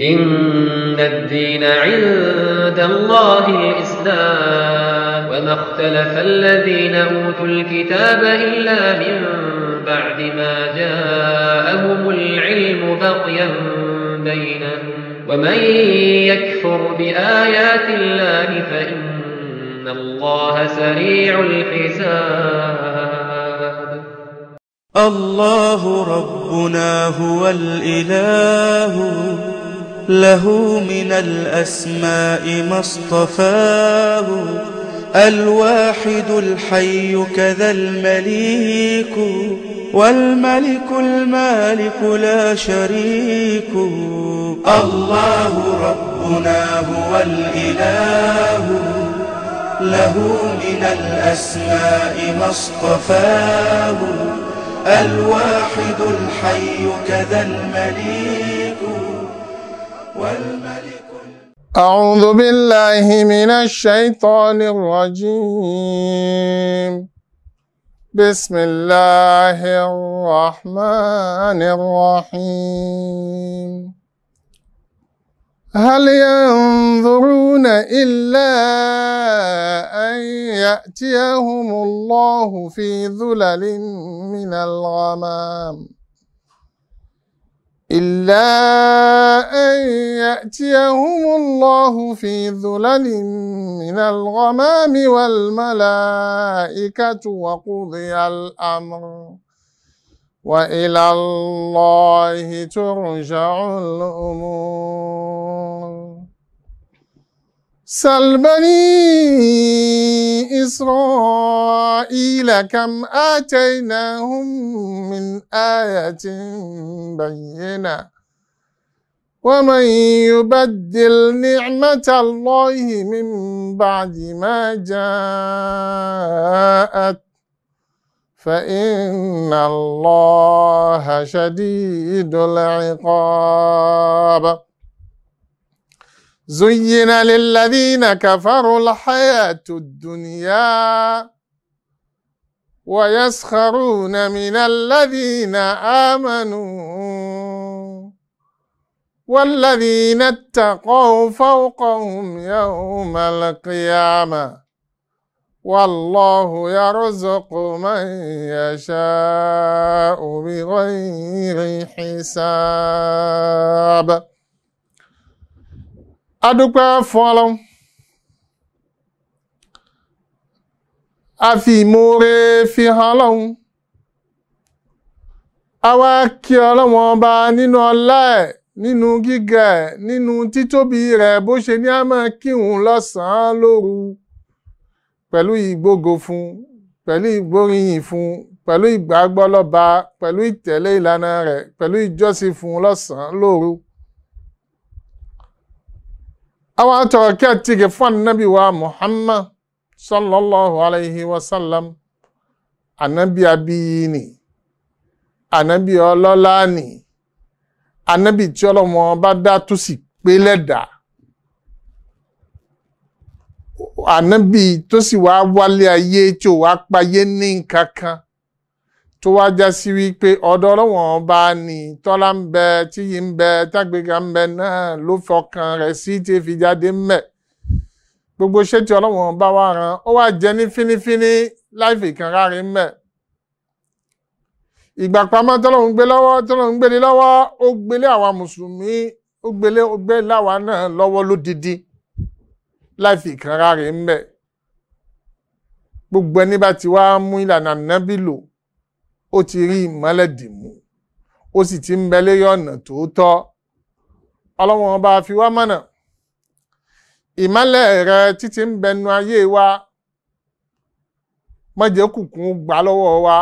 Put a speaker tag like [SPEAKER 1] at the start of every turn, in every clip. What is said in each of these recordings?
[SPEAKER 1] إن الدين عند الله الإسلام وما اختلف الذين أوتوا الكتاب إلا من بعد ما جاءهم العلم بقيا بينهم ومن يكفر بآيات الله فإن الله سريع الحساب الله ربنا هو الإله له من الأسماء ما اصطفاه الواحد الحي كذا المليك والملك المالك لا شريك الله ربنا هو الإله له من الأسماء ما اصطفاه الواحد الحي كذا المليك والملك أعوذ بالله من الشيطان الرجيم بسم الله الرحمن الرحيم هل ينظرون إلا أن يأتيهم الله في ذلل من الغمام إلا أن يأتيهم الله في ذلل من الغمام والملائكة وقضي الأمر وإلى الله ترجع الأمور سل بني إسرائيل كم آتيناهم من آية بينة ومن يبدل نعمة الله من بعد ما جاءت فإن الله شديد العقاب زين للذين كفروا الحياة الدنيا ويسخرون من الذين آمنوا والذين اتقوا فوقهم يوم القيامة والله يرزق من يشاء بغير حساب adúpẹ́ fún ọlọ́run a fi ìmoore fi hàn ọlọ́run a wá kí ọlọ́run ọba nínú ọlá ẹ̀ nínú gíga ẹ̀ nínú títóbi rẹ̀ bó ṣe ní a kíhun lọ́sàn-án lóru pẹ̀lú ìgbógo fún pẹ̀lú ìgbóríyìn fún pẹ̀lú ìgbàgbọ́ pẹ̀lú ìtẹ̀lé ìlànà rẹ̀ pẹ̀lú ìjọ́sìn fún lọ́sàn-án lóru àwọn atọrọ kí àti ìgè fún ànábì wa Muhammad sallallahu alaihi wasallam ànábì abiyi ni ànábì ọlọ́lá ni ànábì tí ọlọ́mọ bá dá tó sì pé lẹ́dàá ànábì tó sì wá wálé ayé tí tó wá já sí wípé ọ̀dọ̀ ọlọ́wọ̀n bá ní tọ́lá ń bẹ tíyí ń bẹ tágbéga ń bẹ náà ló fọkàn rẹ̀ sí tí fi jáde ń bẹ gbogbo ṣé tí ọlọ́wọ̀n bá wá ran ó wá jẹ ní fínífíní láìfi kan ráre ń bẹ ìgbàpamọ́ tọ́lọ́run gbé lọ́wọ́ tọ́lọ́run gbélé lọ́wọ́ ó gbélé àwa mùsùlùmí ó gbélé ó gbé láwa náà lọ́wọ́ lódidi láìfi kan ráre ń bẹ gbogbo ẹni bá ti wá mú ìlànà nábì ó ti rí ìmọ́lẹ̀ dìmú ó sì ti ń bẹ lérí ọ̀nà tòótọ́ ọlọ́wọ́n bá fi wá mọ̀nà ìmọ́lẹ̀ rẹ títí ń bẹnu ayé wa mọ́jẹ́ kùkùn gbà lọ́wọ́ wa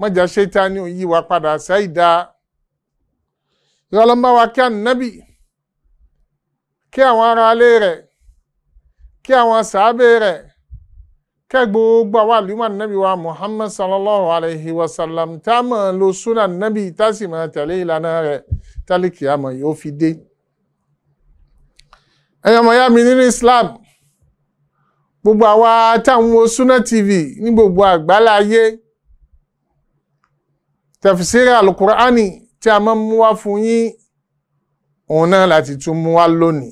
[SPEAKER 1] mọ́jẹ́ ṣẹ́tánì yí wa padà ṣáìdá ìrọ̀lọ́mbà wa kí ànábì kí àwọn ará rẹ rẹ̀ kí àwọn sàábé rẹ̀ kẹ́ gbogbo àwọn àlùmọ́ nàbí wa muhammad sallallahu alayhi wa sallam tá a mọ̀ lo sunan nàbí tá a sì mọ̀ tẹ̀lé ìlànà rẹ̀ tálíkì àmọ̀ yóò fi dé. ẹ̀yọ́ mọ̀ yá mi nínú islam gbogbo àwa táwọn wo Sunna TV ní gbogbo àgbálá ayé tafsiri alukur'ani tí a máa mú wá fún yín òun náà láti tún mú wá lónìí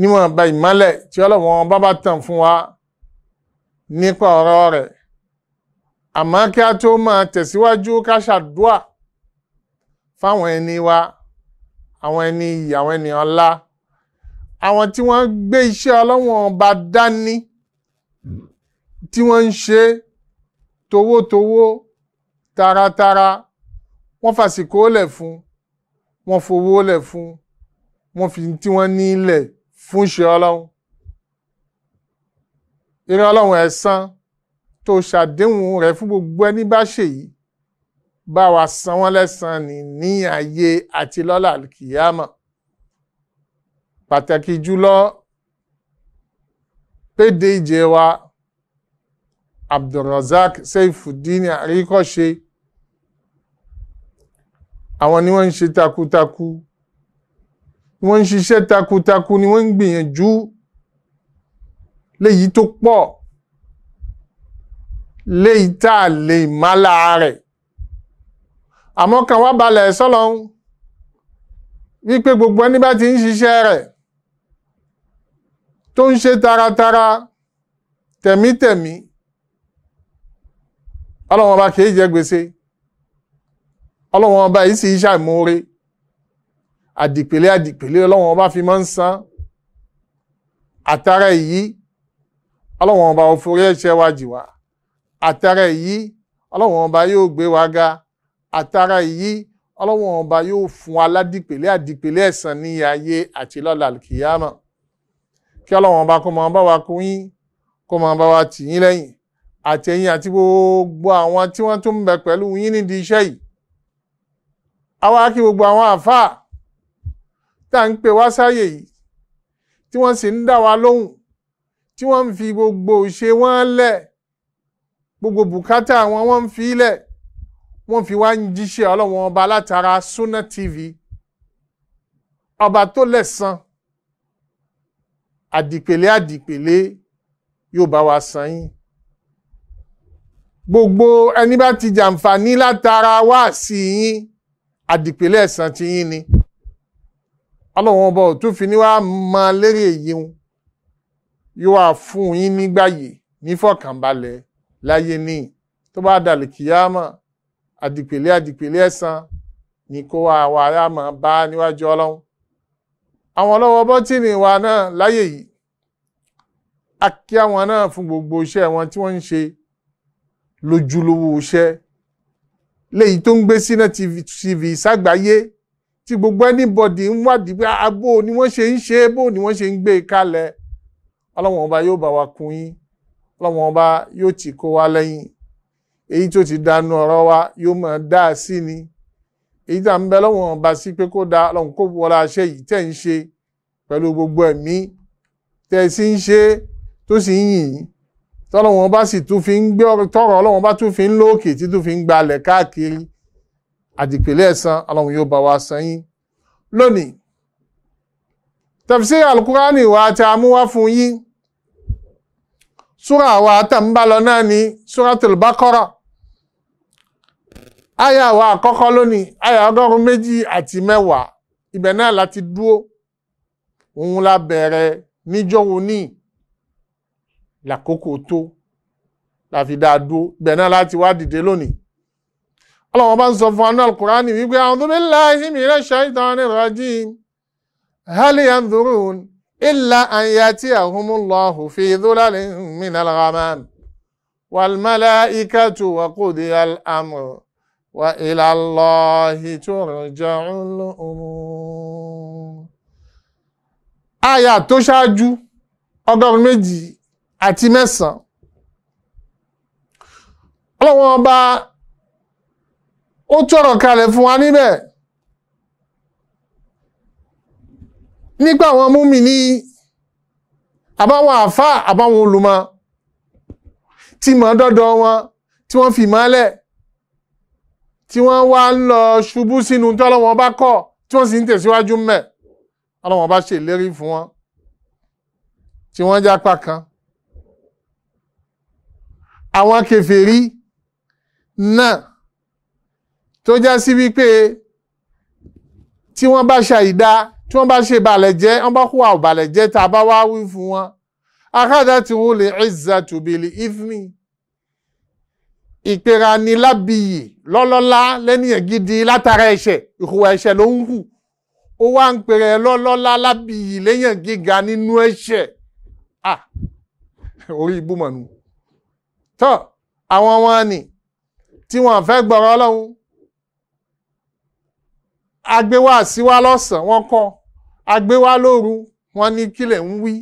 [SPEAKER 1] níwọ̀n ba ìmọ́lẹ̀ tí ọlọ́wọ́n bá bá tàn fún wa nípa ọ̀rọ̀ rẹ̀ àmọ́ kí a tó máa tẹ̀síwájú ká ṣàdúà fáwọn ẹni wa àwọn ẹni iyì àwọn ẹni ọlá àwọn tí wọ́n gbé iṣẹ́ ọlọ́wọ́n bá dání tí wọ́n ń ṣe towótowó taratara wọ́n fàsìkò lẹ̀ fún wọ́n fowó lẹ̀ fún wọ́n fi tí wọ́n ní lẹ̀ fún ṣe ọlọ́run ìran ọlọ́run ẹ̀san tó ṣàdéhùn rẹ̀ fún gbogbo ẹni bá ṣe yìí bá wa san wọ́n lẹ́san ní ní ayé àti lọ́la kìyàmọ̀ pàtàkì jùlọ péde ìjẹ wa Abdulrazak Seifuddin Àríkọ́ṣe àwọn ni wọ́n ń ṣe takuntakun wọ́n ń ṣiṣẹ́ takuntakun ni wọ́n ń gbìyànjú léyìí tó pọ̀ léyìí tá a lè má lára rẹ̀ àmọ́ kan wá balẹ̀ sọ́lọ́hún wípé gbogbo ẹni bá ti ń ṣiṣẹ́ rẹ̀ tó ń ṣe taratara tẹ̀mítẹ̀mí ọlọ́wọ́n ọba kìí jẹ gbèsè ọlọ́wọ́n ọba yìí sì ṣàìmoore àdìpèlé àdìpèlé ọlọ́wọ́n ọba fi máa ń san àtàrà èyí ọlọ́wọ́n ọba ò forí ẹ̀ṣẹ̀ wa jì wá àtàrà èyí ọlọ́wọ́n ọba yóò gbé wa ga àtàrà èyí ọlọ́wọ́n ọba yóò fún aládìpèlé àdìpèlé ẹ̀san ní ayé àti lọ́la kìyàmà kí ọlọ́wọ́n ọba kó máa bá wa kún yín kó máa bá wa tì yín lẹ́yìn àti ẹ̀yin àti gbogbo àwọn tí wọ́n tún bẹ pẹ̀lú yín nídìí iṣẹ́ yìí àwa kí gbogbo àwọn àfáà tá à ń pè wá sáyè yìí tí wọ́n sì ń dá wa lóhùn tí wọ́n ń fi gbogbo ṣe wọ́n lẹ̀ gbogbo bùkátà wọn wọ́n ń fi lẹ̀ wọ́n fi wá ń jíṣẹ́ ọlọ́wọ́n ọba látara Sunna TV ọba tó lẹ̀san àdìpèlé àdìpèlé yóò bá wa san yín gbogbo ẹni bá ti jàǹfààní látara wá sí yín àdìpèlé ẹ̀san ti yín ni ọlọ́run ọba ọ̀tún fi ní wá máa lérè èyí wọn fún yín nígbàyè nífọ̀kànbalẹ̀ láyé ní tó bá dàlẹ̀ kìyàmà àdìpèlé àdìpèlé ẹ̀san ni kó wá wa ara máa bá níwájú ọlọ́run àwọn ọlọ́wọ́ ọbọ̀ tí ní wa náà láyé yìí a kí àwọn náà fún gbogbo iṣẹ́ wọn tí wọ́n ń ṣe lójúlówó iṣẹ́ léyìí tó ń gbé Sínà TV ságbáyé. Si tí gbogbo anybody ń wádìí pé abó ah, ni wọ́n ṣe ń ṣe bó ni wọ́n ṣe ń gbé e kalẹ̀ ọlọ́wọ́n ọba yóò bá wa kún yín ọlọ́wọ́n ọba yóò ti kó wa lẹ́yìn èyí tó ti dànù ọ̀rọ̀ wa yóò máa dá sí ni èyí tá à ń bẹ lọ́wọ́n ọba sí pé kó da ọlọ́run kó wọra ṣe yìí tẹ̀ ń ṣe pẹ̀lú gbogbo ẹ̀mí tẹ̀ sí ń ṣe tó sì ń yìn tọ́lọ́wọ́n ọba sì tún fi ń gbé tọ́rọ̀ ọlọ́wọ́n ọba tún fi ń lókè tí tún fi ń gbalẹ̀ káàkiri àdìpẹ̀lẹ̀ ẹ̀san ọlọ́run yóò bá wa san yín lónìí tafsir alukurani wa tí a mú wá fún yín súra wa tàǹbálọ náà ní súratul Baqara àyà wa àkọ́kọ́ lónìí àyà ọgọ́rùn méjì àti mẹ́wàá ibẹ̀ náà láti dúró òun la bẹ̀rẹ̀ níjọ́wọ́ ní làkókò tó la fi dáa dúró ibẹ̀ náà láti wá dìde lónìí ọlọ́wọ́ bá ń sọ fún anú alkùránì wípé a'udhu billahi minash shaitani rajim hal yanzurun illa an yatiyahumullahu fi dhulalin minal ghamam wal malaikatu wa qudiya al-amr wa ila Allahi turja'ul umur. àyà tó ṣáájú ọgọ́rùn-ún méjì àti ó tọ̀rọ̀ kalẹ̀ fún wa níbẹ̀ nípa àwọn múmi ní àbáwọn àfá àbáwọn olùmọ̀ tí mọ̀ dọ́dọ̀ wọn tí wọ́n fi mọ́lẹ̀ tí wọ́n wá ń lọ ṣubú sínú tí ọlọ́wọ́n bá kọ̀ tí wọ́n sì ń tẹ̀síwájú mẹ́ ọlọ́wọ́n bá ṣèlérí fún wọn tí wọ́n jápa kan àwọn kèfèrí náà tó já sí wípé tí wọ́n bá ṣàìdá tí wọ́n bá ṣe balẹ̀ jẹ́ wọ́n bá hùwà balẹ̀ jẹ́ tá a bá wá wí fún wọn akádá tí wọ́n lè ẹ̀zà tòbìlì ìfìmì ìpera ni lábìyì lọ́lọ́lá lẹ́nìyàn gidi látara ẹ̀ṣẹ̀ ìhùwà ẹ̀ṣẹ̀ ló ń hù ó wá ń pèrè lọ́lọ́lá lábìyì lẹ́yìn gíga nínú ẹ̀ṣẹ̀ ah orí ibùmọ̀nù tọ́ àwọn wọn ni tí wọ́n fẹ́ gbọ́rọ̀ ọlọ́run agbéwá síwá lọ́sàn wọ́n kọ́ agbéwá lóru wọ́n ní kílẹ̀ ń wí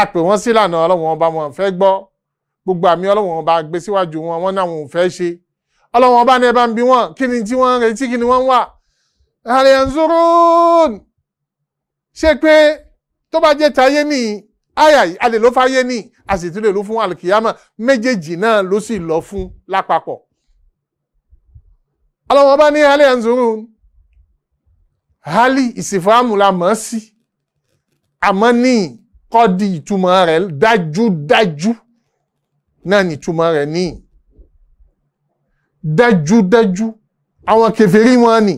[SPEAKER 1] àpè wọ́n sílànà ọlọ́run ọba wọn fẹ́ gbọ́ gbogbo àmì ọlọ́run ọba gbé síwájú wọn wọ́n náà wọn ò fẹ́ ṣe ọlọ́run ọba ní ẹ bá ń bi wọ́n kí ni tí wọ́n ń retí kí ni wọ́n ń wà àrẹ̀ ń zúrú ṣe pé tó bá jẹ́ tayé nìyí àyà yìí ló fáyé nìyí a ló fún àlùkìyámà méjèèjì náà ló sì lọ fún lápapọ̀ ọlọ́wọ́n bá ní hali yanzurun hali ìsìfàmù la mọ̀ sí àmọ́ ní kọ́dí ìtumọ̀ rẹ̀ dájúdájú náà ní ìtumọ̀ rẹ̀ ní dájúdájú àwọn kèfèrí wọn ni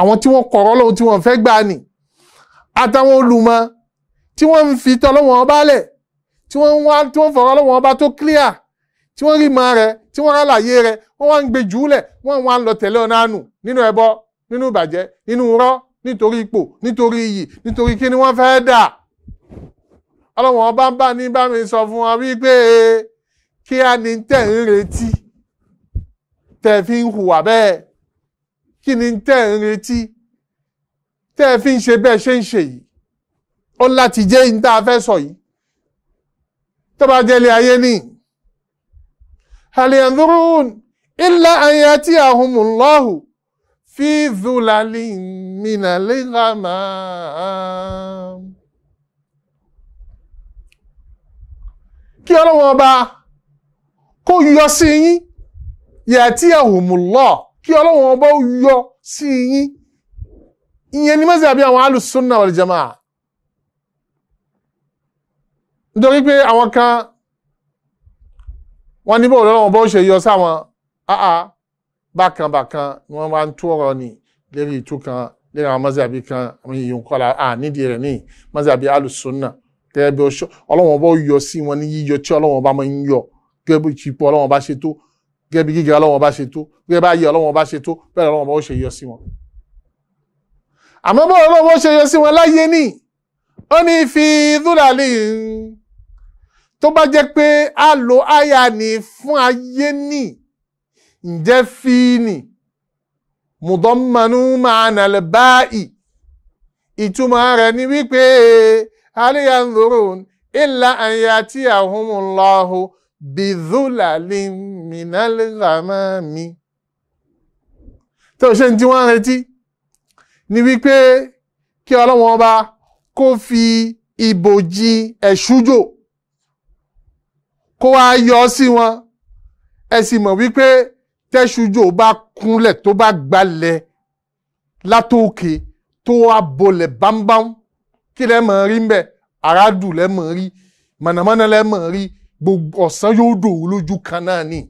[SPEAKER 1] àwọn tí wọ́n kọ̀rọ̀ lóhun tí wọ́n fẹ́ gbà ni àtàwọn olùmọ̀ tí wọ́n fi tọ́lọ́wọ́n ọba lẹ̀ tí wọ́n ń wá ọba tó clear tí wọ́n rí ma rẹ̀ tí wọ́n rálàyé rẹ̀ wọ́n wá ń gbé jùúlẹ̀ wọ́n wá ń lọ tẹ̀lé ọ̀nà àánú nínú ẹbọ nínú ìbàjẹ́ nínú rọ́ nítorí ipò nítorí iyì nítorí kí ni wọ́n fẹ́ dà ọlọ́wọ́n bá ń bá ní bá mi sọ fún wọn wípé kí á ní tẹ̀ ń retí tẹ̀ fi ń hùwà bẹ́ẹ̀ kí ni tẹ̀ ń retí tẹ́ fi ń ṣe bẹ́ẹ̀ ṣe ń ṣe yìí ó láti jẹ́ ìta fẹ́ sọ yìí tó jẹ́ ilé ayé nìyí هل ينظرون إلا أن يأتيهم الله في ظلل من الغمام kí ọlọ́wọ́n ọba kó yọ sí yín yàtí àhùmùlọ́ kí ọlọ́wọ́n ọba ó yọ sí yín ìyẹn ni mọ́sí àbí àwọn alùsùn náà wal jamaa nítorí pé àwọn kan wọ́n ní bóòlù ọlọ́run bó ṣe yọ sáwọn áá bákan bákan ni wọ́n máa ń tó ọ̀rọ̀ ni lérí ìtú kan lérí àwọn mọ́sàbí kan àwọn èèyàn kọ́la à nídìí rẹ̀ níyì mọ́sàbí alùsùnà gẹ́gẹ́ bí ọlọ́run bó yọ sí wọn ní yíyọ tí ọlọ́run bá máa ń yọ gẹ́gẹ́ bí ìpò ọlọ́run bá ṣe tó gẹ́gẹ́ bí gíga ọlọ́run bá ṣe tó gẹ́gẹ́ bá yẹ ọlọ́run bá ṣe tó bẹ́ẹ̀ ọlọ́run bá ṣe yọ sí wọn. àmọ́ bó ọlọ́run ṣe yọ sí wọn láyé ní ó ní fi dúlà lè ń tó bá jẹ́ pé a lo aya ni fún ayé ní ǹjẹ́ fi ni mùdọ́mọ̀nù máa nàlẹ̀ báyìí ìtumọ̀ rẹ̀ ni wípé aliya ń lòrò ìlà àyà tí àhúnmùláhù bìzúlà lè mìnálẹ̀ ràmá mi. tó ṣe ń tí wọ́n retí ni wípé kí ọlọ́wọ́n ọba kó fi ìbòjì ẹ̀ṣújò. E kó wá yọ sí wọn ẹ sì mọ̀ wípé tẹ́sùjò bá kúnlẹ̀ tó bá gbalẹ̀ látòkè tó wá bolẹ̀ bámbám kí lẹ́ mọ̀ rí mbẹ́ àràdù lẹ́ mọ̀ rí mọ̀nàmọ́ná lẹ́ mọ̀ rí gbogbo ọ̀sán yóò dòwú lójú kan náà ni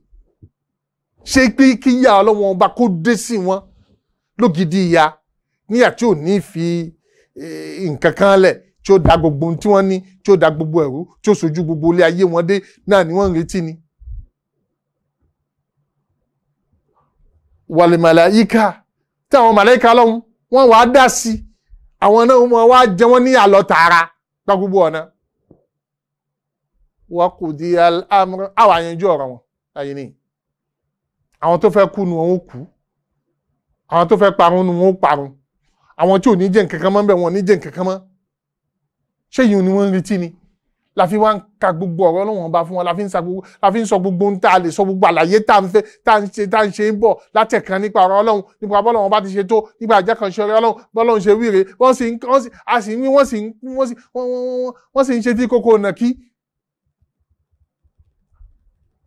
[SPEAKER 1] ṣé pé kí ìyá ọlọ́wọ́n ọba kó dé sí wọn lógidi ìyá níyà tí ò ní fi eh, nǹkan kan lẹ̀ tí ó da gbogbo ohun tí wọ́n ní tí ó da gbogbo ẹ̀rú tí ó sojú gbogbo ilé ayé wọn dé náà ni wọ́n ń retí ni. wàlẹ̀ màláyíkà tí àwọn màláyíkà lọ́hùn wọ́n wàá dá sí i àwọn náà wọ́n wá jẹ wọ́n ní àlọ́ tààrà gba gbogbo ọ̀nà. wọ́n kò di àmúrò àwọn àyànjú ọ̀rọ̀ wọn láyé ni àwọn tó fẹ́ kú nu wọn ó kú àwọn tó fẹ́ parun nu wọn ó parun àwọn tí ò ní jẹ́ nǹkan kan mọ́ bẹ́ẹ̀ wọn ò ní jẹ́ nǹkan kan mọ́ ṣé ìyún ni wọ́n ń retí ni la fi wá ń ka gbogbo ọ̀rọ̀ ọlọ́wọ́n bá fún wọn la fi ń sa gbogbo la fi ń sọ gbogbo ń tá a lè sọ gbogbo àlàyé tá a ń fẹ́ tá a ń ṣe tá a ń ṣe ń bọ̀ látẹ̀kan nípa ọ̀rọ̀ ọlọ́run nípa bọ́lọ̀ wọn bá ti ṣe tó nípa ìjẹ́ kan ṣe ọ̀rẹ́ ọlọ́run bọ́lọ̀ ń ṣe wíre wọ́n sì ń a sì ń wí wọ́n sì ń wọ́n sì wọ́n sì ń ṣe tí kókó ọ̀nà kí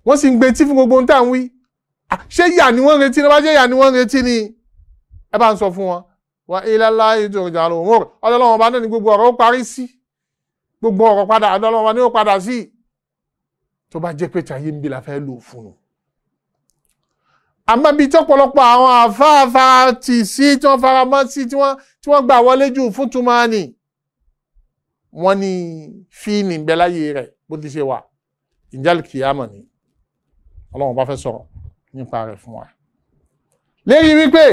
[SPEAKER 1] wọ́n sì ń gbé tí fún gbogbo ń tá à ń wí ṣé yà ni wọ́n retí ni wọ́n ṣe yà ni wọ́n retí ni ẹ bá ń sọ fún wọn wà ilẹ̀ láì tó ìjà lòun ọlọ́run ọba náà ni gbogbo ọ̀rọ̀ ó parí sí gbogbo ọ̀rọ̀ padà àdọ́lọ́ wa ni ó padà sí tó bá jẹ́ pé tàyé ń bí la fẹ́ lò fún un. àmọ́ bíi tọ́pọ̀lọpọ̀ àwọn àfáàfá tì sí tí wọ́n fara mọ́ sí tí wọ́n gbà wọlé jù fún túmọ̀ọ́nì wọ́n ní fíìnì ń bẹ láyé rẹ̀ bó ti ṣe wà ìjálì kìámọ̀ ni ọlọ́run bá fẹ́ sọ̀rọ̀ nípa rẹ̀ fún wa. lẹ́yìn wípé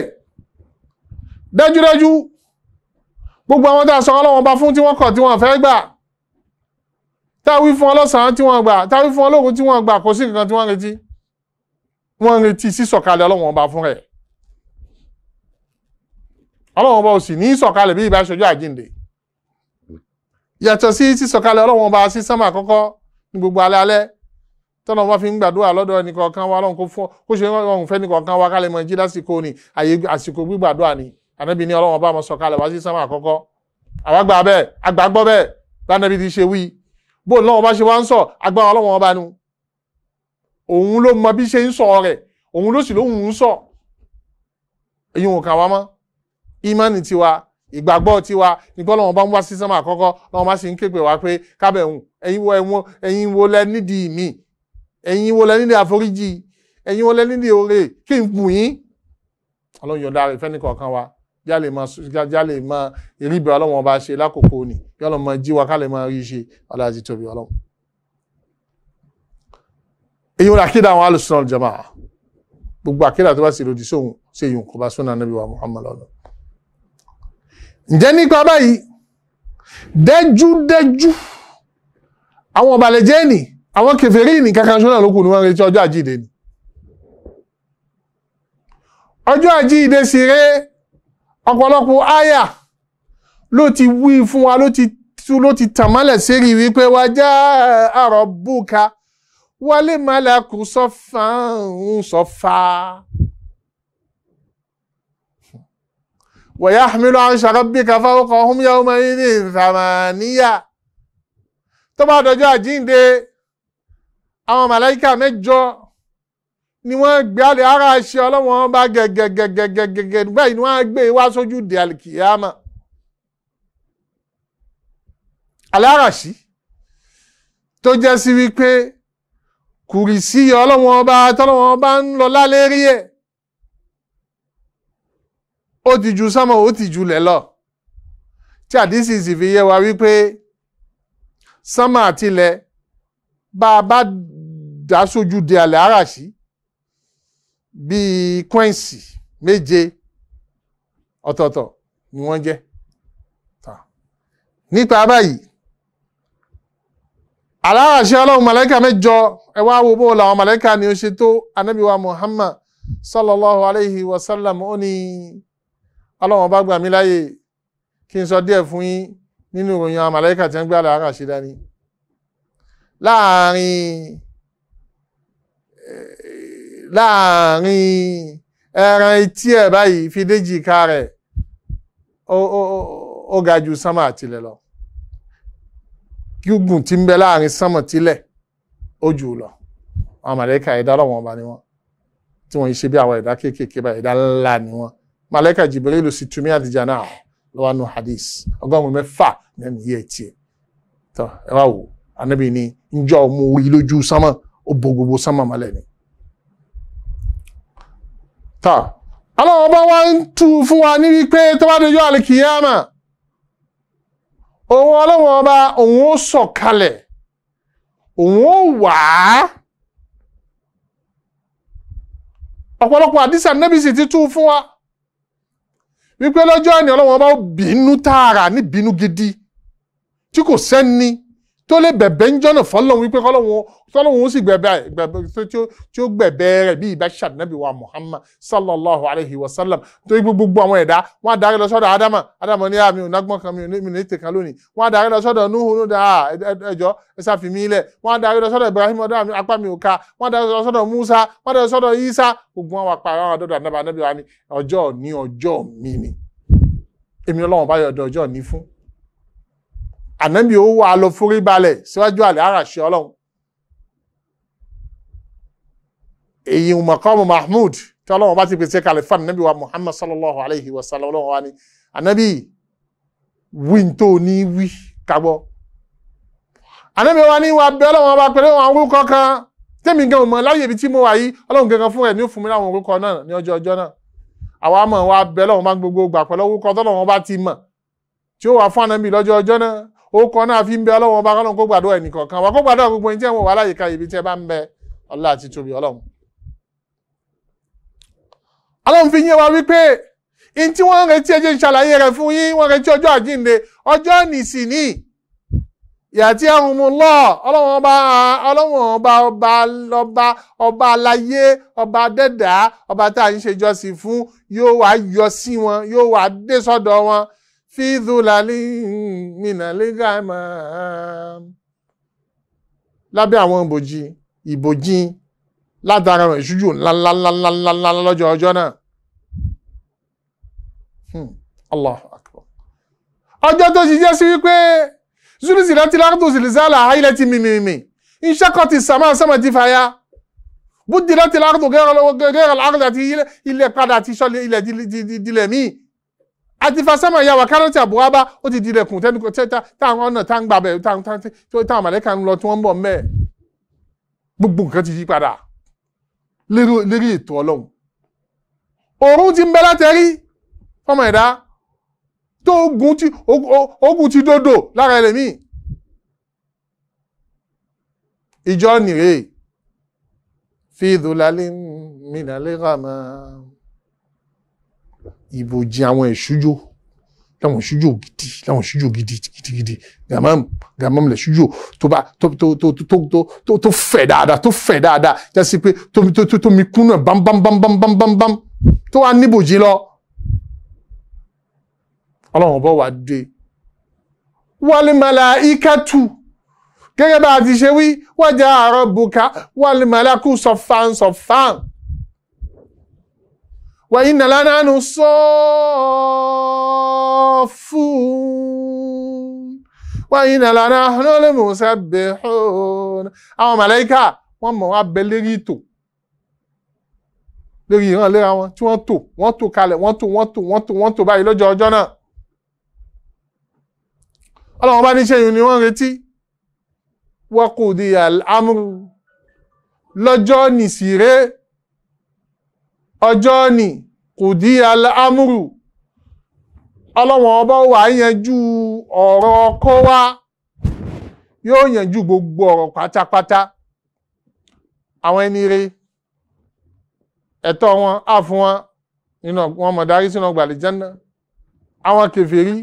[SPEAKER 1] dájúdájú gbogbo àwọn tá a sọ ọlọ́run bá fún tí wọ́n kọ̀ tí wọ́n fẹ́ gbà táwí fún ọlọ́sàn-án tí wọ́n gbà táwí fún olóògùn tí wọ́n gbà kò sí nǹkan tí wọ́n retí wọ́n retí sísọ̀kalẹ̀ ọlọ́wọ́n ọba fún rẹ̀ ọlọ́wọ́n ọba ò sì ní sọ̀kalẹ̀ bí ìbá ṣojú àjíǹde yàtọ̀ sí sísọ̀kalẹ̀ ọlọ́wọ́n ọba sí sánmà àkọ́kọ́ ní gbogbo alẹ́ alẹ́ tọ́nà wọn fi ń gbàdúrà lọ́dọ̀ ẹnìkọ̀ọ̀kan wa ọlọ́run kó fún kó ṣe ọ̀hún fẹ́ ẹnìkọ̀ọ̀kan wa kálẹ̀ mọ̀ jí lásìkò ni àyè àsìkò gbígbàdúrà ni ànábì ní ọlọ́run ọba mọ̀ sọ̀kalẹ̀ wá sí sánmà àkọ́kọ́ àwa gbà bẹ́ẹ̀ àgbàgbọ́ bẹ́ẹ̀ bá ànábì ti ṣe wí bó lọ́wọ́ bá ṣe wá ń sọ agbára ọlọ́wọ́n ọba nu òun ló mọ bí ṣe ń sọ rẹ̀ òun ló sì lóhùn ń sọ èyí ò kà wá mọ́ ìmánì tiwa ìgbàgbọ́ tiwa nígbà lọ́wọ́n bá ń wá sí sánmà àkọ́kọ́ lọ́wọ́n bá sì ń képe wá pé kábẹ̀ hùn ẹ̀yin wo ẹ̀wọ̀n ẹ̀yin wo lẹ nídìí mi ẹ̀yin wo lẹ nídìí àforíjì ẹ̀yin wo lẹ nídìí oore kí n bù yín ọlọ́run yọ̀ọ̀da rẹ̀ fẹ́ni wa jálè máa ríbi ọlọ́wọ́n bá ṣe lákòókò ni yọ́lọ́ máa jí wa kálẹ̀ máa rí ṣe aláàjì tóbi ọlọ́run èyí wọn àkídà àwọn alùsùn ọ̀rọ̀ jama gbogbo àkídà tó bá sì lòdì sóhun ṣe yùn kò bá súnà níbi wa Muhammad ọ̀nà ǹjẹ́ nípa báyìí dẹ́júdẹ́jú àwọn ọ̀bàlẹ̀jẹ́ nì àwọn kèfèrí ní kankan ṣọ́nà lókù ní wọ́n retí ọjọ́ àjíǹde ni ọjọ́ àjíǹde sì ré ọ̀pọ̀lọpọ̀ áyà ló ti wí fún wa ló ti tú ló ti tàn mọ́lẹ̀ sérí wípé wá já àrọ̀ bùkà wálé màlàkù sọ́fà ń sọ́fà. ويحمل عرش ربك فوقهم يومئذ ثمانية tó bá dọjọ́ àjíǹde àwọn màláíkà mẹ́jọ ni wọ́n gbé àlè ara ṣe ọlọ́wọ́n bá gẹ̀gẹ̀gẹ̀gẹ̀gẹ̀gẹ̀ nígbà yìí ni wọ́n aláràṣí tó jẹ́ sí wípé kùrì sí ọlọ́wọ́n ọba tọ́lọ́wọ́n ọba ń lọ lálẹ́ rí ẹ̀ ó ti ju sánmọ̀ ó ti julẹ̀ lọ tí àdísì sì fi yé wa wípé sánmọ̀ àtilẹ̀ bá a bá dá sójú de àlẹ́ àràṣí bíi kọ́ìnsì méje ọ̀tọ̀ọ̀tọ̀ ni wọ́n jẹ́ nípa báyìí aláàṣẹ ọlọ́run màláíkà mẹ́jọ ẹ wá wo bó làwọn màláíkà ni ó ṣe tó ànábì wa muhammad sallallahu alayhi wa ó ní ọlọ́run bá gbà mí láyè kí n sọ díẹ̀ fún yín nínú ìròyìn àwọn màláíkà tí wọ́n gbé aláàṣẹ dání eh, láàrin ẹran etí ẹ̀ báyìí fi déjìká rẹ̀ ó ga sánmà àtìlẹ̀ lọ gígùn tí ń bẹ láàrin sánmọ̀ tílẹ̀ ó jù lọ àwọn màlẹ́kà ẹ̀dá ọlọ́wọ́n ọba ni wọ́n tí wọ́n yìí ṣe bí àwọn ẹ̀dá kéékèèké bá ẹ̀dá ńlá ni wọ́n màlẹ́kà Jibrilu sì tún mí àdìjà náà lọ́wọ́ nù hadith ọgọ́rùn-ún mẹ́fà nínú iye tiẹ̀ tọ́ ẹ wá wò anábì ni njọ́ mo rí lójú sánmọ̀ ó bo gbogbo sánmọ̀ mọ́lẹ̀ ni. tọ́ ọlọ́wọ́ bá wá ń tu fún wa ní wípé tó bá dojú àlùkìyámà òun ọlọ́run ọba òun ó sọ̀kalẹ̀ òun ó wà á ọ̀pọ̀lọpọ̀ àdísà nẹ́bìsì ti tú fún wa wípé lọ́jọ́ ẹni ọlọ́run ọba ó bínú tààrà níbínú gidi tí kò sẹ́ni tó lè bẹ̀bẹ̀ ń jọ́nà fọlọ́run wípé kọ́lọ́run kọ́lọ́run ó sì gbẹ̀bẹ̀ tí ó gbẹ̀bẹ̀ rẹ̀ bí ìbá ṣàdínábì wa Muhammad sallallahu alayhi wa sallam torí gbogbo àwọn ẹ̀dá wọn adarí lọ sọ́dọ̀ Adama Adama ní àmì onágbọ́n kan mi ní ètè kan lónìí wọn adarí lọ sọ́dọ̀ Nuhu ní ọ̀dà ẹjọ́ ẹ̀sàfì mi ilẹ̀ wọn adarí lọ sọ́dọ̀ Ibrahim ọ̀dà apá mi òka wọn adarí lọ sọ́dọ̀ Musa wọn adarí lọ sọ́dọ̀ Isa gbogbo àwọn apá àwọn àdọ́dọ̀ ànábì wa ni ọjọ́ ní ọjọ́ mi ni èmi Ọlọ́run bá yọ ọjọ́ ní fún ànábì ó wà lọ forí balẹ̀ síwájú àlẹ́ àràṣẹ ọlọ́run èyí mọ̀kọ́mù mahmud tí ọlọ́run bá ti pèsè kalẹ̀ fún ànábì wa muhammad sallallahu alayhi wa sallam ọlọ́run wa ni ànábì wí tó ní wí kagbọ́ ànábì wa ní wa bẹ́ ọlọ́run ọba pẹ̀lú àwọn orúkọ kan tẹ́mi gan mọ̀ láyé ibi tí mo wà yìí ọlọ́run gangan fún ẹ̀ ní òfin mi wa bẹ́ bá gbogbo gbà pẹ̀lú orúkọ tọ́lọ́run bá ti mọ̀ tí ó wà fún ànábì lọ́jọ́ ọjọ́ náà ó kọ́ náà fi ń bẹ ọlọ́run ọba ọlọ́run kó gbàdúrà ẹnìkọ̀ọ̀kan wa kó gbàdúrà gbogbo ẹni tí ẹ̀wọ̀n wà láyìíká ibi tí ẹ bá ń bẹ ọlá àti tóbi ọlọ́run. ọlọ́run fi yé wa wípé in tí wọ́n ń retí ẹjẹ́ ń ṣàlàyé rẹ̀ fún yín wọ́n retí ọjọ́ àjínde ọjọ́ nìsì ní ìyàtí ẹ̀rùn mu lọ ọlọ́run ọba ọlọ́run ọba ọba ọba ọba aláyé ọba dẹ́dàá ọba tá à ń ṣèjọsìn fún yóò wá yọ sí wọn yóò wá dé sọ́dọ̀ wọn في ظلال من الغمام lábẹ́ àwọn ìbòjì ìbòjì ládàra rẹ̀ ṣújù ńláńláńláńlá lọ́jọ́ ọjọ́ náà Allahu akbar ọjọ́ tó ṣiṣẹ́ sí wípé zulisi láti láàtò zilzala ilẹ̀ ti mímìmì iṣẹ́ kan ti sàmà sàmà ti fàyà búdì láti láàtò gẹ́rọ̀ lọ́wọ́ gẹ́rọ̀ láàtò ilẹ̀ padà ti sọ ilẹ̀ dilẹ̀ míì àti fasámà ìyá wa kárọ̀tì àbúwá bá ó ti dilẹ̀kùn tẹ́nukọ tẹ́ta táwọn ọ̀nà tá ń gbà bẹ̀ táwọn màlẹ́kà ń lọ tí wọ́n ń bọ̀ mẹ́ẹ̀ gbogbo nǹkan ti yí padà lérí ètò ọlọ́run òórùn ti ń bẹ látẹ̀rí fọmọ ẹ̀dá tó ogun ti dòdò lára ẹlẹ́mìí ìjọ nìrè fi dhulali min al-ghamam ìbòjì àwọn ẹ̀ṣújò láwọn ṣújò gidi láwọn ṣújò gidi gidigidi gamam gamam lè ṣújò tó bá tó tó tó tó tó tó tó fẹ̀ dáadáa tó fẹ̀ dáadáa jásí pé tómi tó tó tómi kún náà bámbámbámbámbámbám tó wá níbòjì lọ. ọlọ́run ọba wa dé wal malaikatu gẹ́gẹ́ bá a ti ṣe wí waja rabbuka wal malaku saffan saffan. وإن لنا نصافون وإن لنا نحن المسبحون àwọn màláíkà wọ́n mọ̀ wá bẹ lérí ìtò lérí ìran léra wọn tí wọ́n tò wọ́n tò kalẹ̀ wọ́n tò wọ́n tò wọ́n tò wọ́n tò báyìí lọ́jọ́ ọjọ́ náà ọlọ́run bá ní ṣẹ́yìn ni wọ́n retí waqudi al-amru lọ́jọ́ nìsíré ọjọ́ ni kò dí alámúrù ọlọ́wọ̀n ọba wà yanjú ọ̀rọ̀ kọ́ wá yóò yanjú gbogbo ọ̀rọ̀ pátápátá àwọn ẹni re ẹ̀tọ́ wọn á fún wọn nínú wọn mọ̀ darí sínú ọgbà àlìjánná àwọn kèfèrí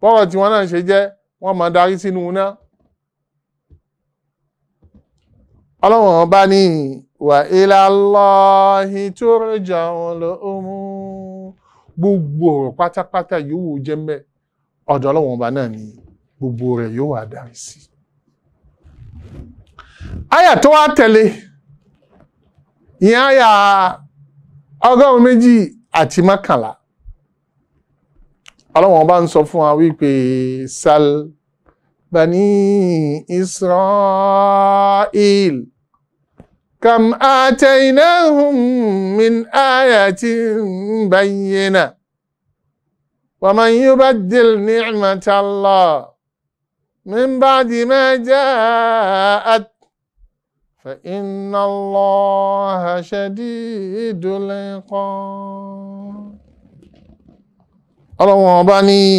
[SPEAKER 1] bọ́rọ̀ tí wọ́n náà ṣe jẹ́ wọ́n mọ̀ darí sínú náà ọlọ́wọ̀n ọba ní وإلى الله ترجع الأمور gbogbo ọ̀rọ̀ pátápátá yòówù jẹ́ mbẹ́ ọ̀dọ̀ ọlọ́wọ̀n náà ni gbogbo rẹ̀ yóò wà dárí sí. àyà tó wá tẹ̀lé ìyẹn àyà ọgọ́rùn-ún méjì àti mọ́kànlá ọlọ́wọ̀n ọba ń sọ fún wa wípé sal bani Israel. كم آتيناهم من آية بينة ومن يبدل نعمة الله من بعد ما جاءت فإن الله شديد العقاب الله أباني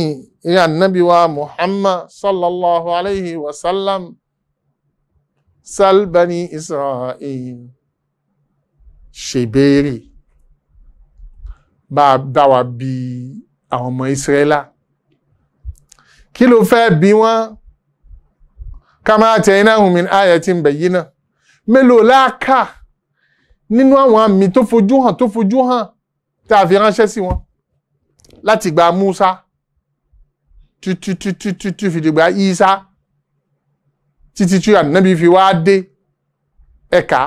[SPEAKER 1] يا النبي محمد صلى الله عليه وسلم sal bani israel ṣèbéèrè bá bá wa bí àwọn ọmọ israẹlá kí ló fẹ́ bí wọ́n kama atainahum min ayatin bayyina mélòó láàkà nínú àwọn àmì tó fojú hàn tó fojú hàn tá a fi ránṣẹ́ sí wọn láti gba Musa títí fìdígbà Isa títí tí ànábì fi wá dé ẹ̀ka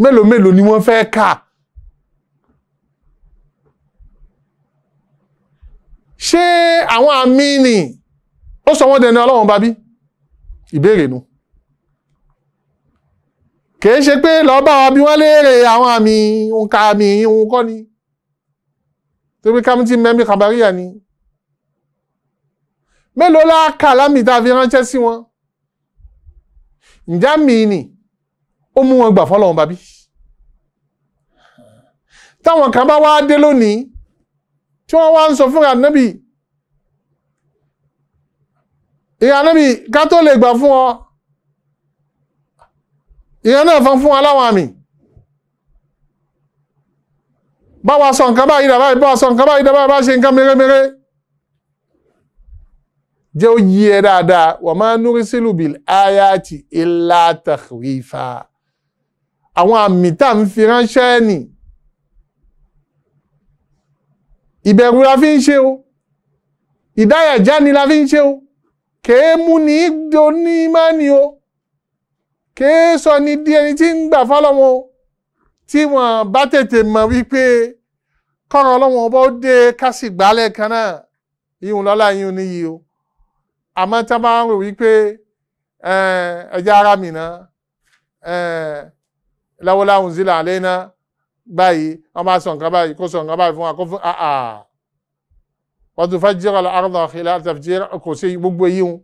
[SPEAKER 1] mélòó mélòó ni wọ́n fẹ́ kà ṣé àwọn àmì nì ó sọ wọ́n dẹni ọlọ́run babí ìbéèrè nu kìí ṣe pé lọ bá wa bí wọ́n léèrè àwọn àmì nǹka àmì ìhun kọ́ ni torí kámítì mẹ́mí kàbáríyà ni mélòó la kà lámì tá a ránṣẹ́ sí wọn ǹjá mìíní ó mú wọn gbà fọ́lọ́run bàbí táwọn kan bá wá dé lónìí tí wọ́n wá ń sọ fún ànábì ìyá náà bí ká tó lè gbà fún ọ ìyá náà fọn fún aláwọ̀ àmì báwa sọ nǹkan báyìí dàbáyìí báwa sọ nǹkan báyìí dàbáyìí bá ṣe nǹkan mèremère jẹ́ ó yí ẹ dáadáa wọ́n máa ń núrí sílù bil ayati illa takhwifa àwọn àmì tá à ń fi ránṣẹ́ nì ìbẹ̀rù la fi ń ṣe o ìdáyàjá ni la fi ń ṣe o kèé mú ní ìjọ ní ìmánì o kèé sọ ní di ẹni tí ń gbà fọ́lọ́wọ́ tí wọ́n bá tètè mọ̀ wípé kọ́rọ̀ ọlọ́wọ́n bó dé kásìgbálẹ̀ kan náà ìhùn lọ́la ìhùn níyì o àmọ́ tí wọ́n bá ń rò wípé ẹja ara mi ná lawọ́lá unzila alayna báyìí wọ́n máa sọ nǹkan báyìí kó sọ nǹkan báyìí fún wa kó fún àà wọ́n tún fẹ́ jẹ́rọ àrùn àkìlá tafjira kò sí gbogbo yíhun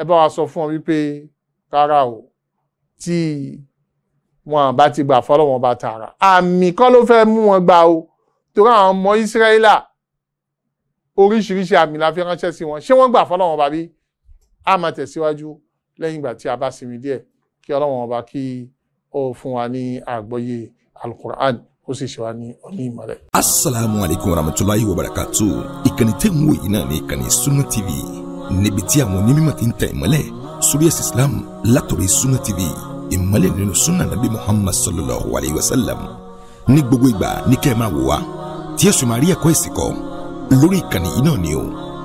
[SPEAKER 1] ẹ bá wa sọ fún ọ wípé rárá o tí wọn bá ti gbà fọlọ́wọ́n bá tààrà àmì kọ́ ló fẹ́ mú wọn gbà o torí àwọn ọmọ Ísírẹ́lá oríṣiríṣi àmì la fi ránṣẹ́ sí wọn ṣé wọ́n gbà fọlọ́wọ́n bàbí a máa tẹ̀síwájú lẹ́yìn ìgbà tí a bá sinmi díẹ̀ kí ọlọ́run ọba kí ó fún wa ní àgbọ́yé alukur'an ó sì ṣe wá ní ọní ìmọ̀lẹ̀. asalaamu alaykum warahmatulahi wabarakatu ìkànnì tẹ́ ń wò yìí náà ní ìkànnì Sunna TV níbi tí àwọn onímọ̀ ti ń tẹ̀ ìmọ̀lẹ̀ sórí Islam látọ̀rọ̀ Sunna TV ìmọ̀lẹ̀ nínú sunna nabi Muhammad sallallahu alayhi wa sallam ní gbogbo ìgbà ní kẹ́ ẹ máa wò wá tí ẹ sì máa rí ẹ̀kọ́ ẹ̀sìn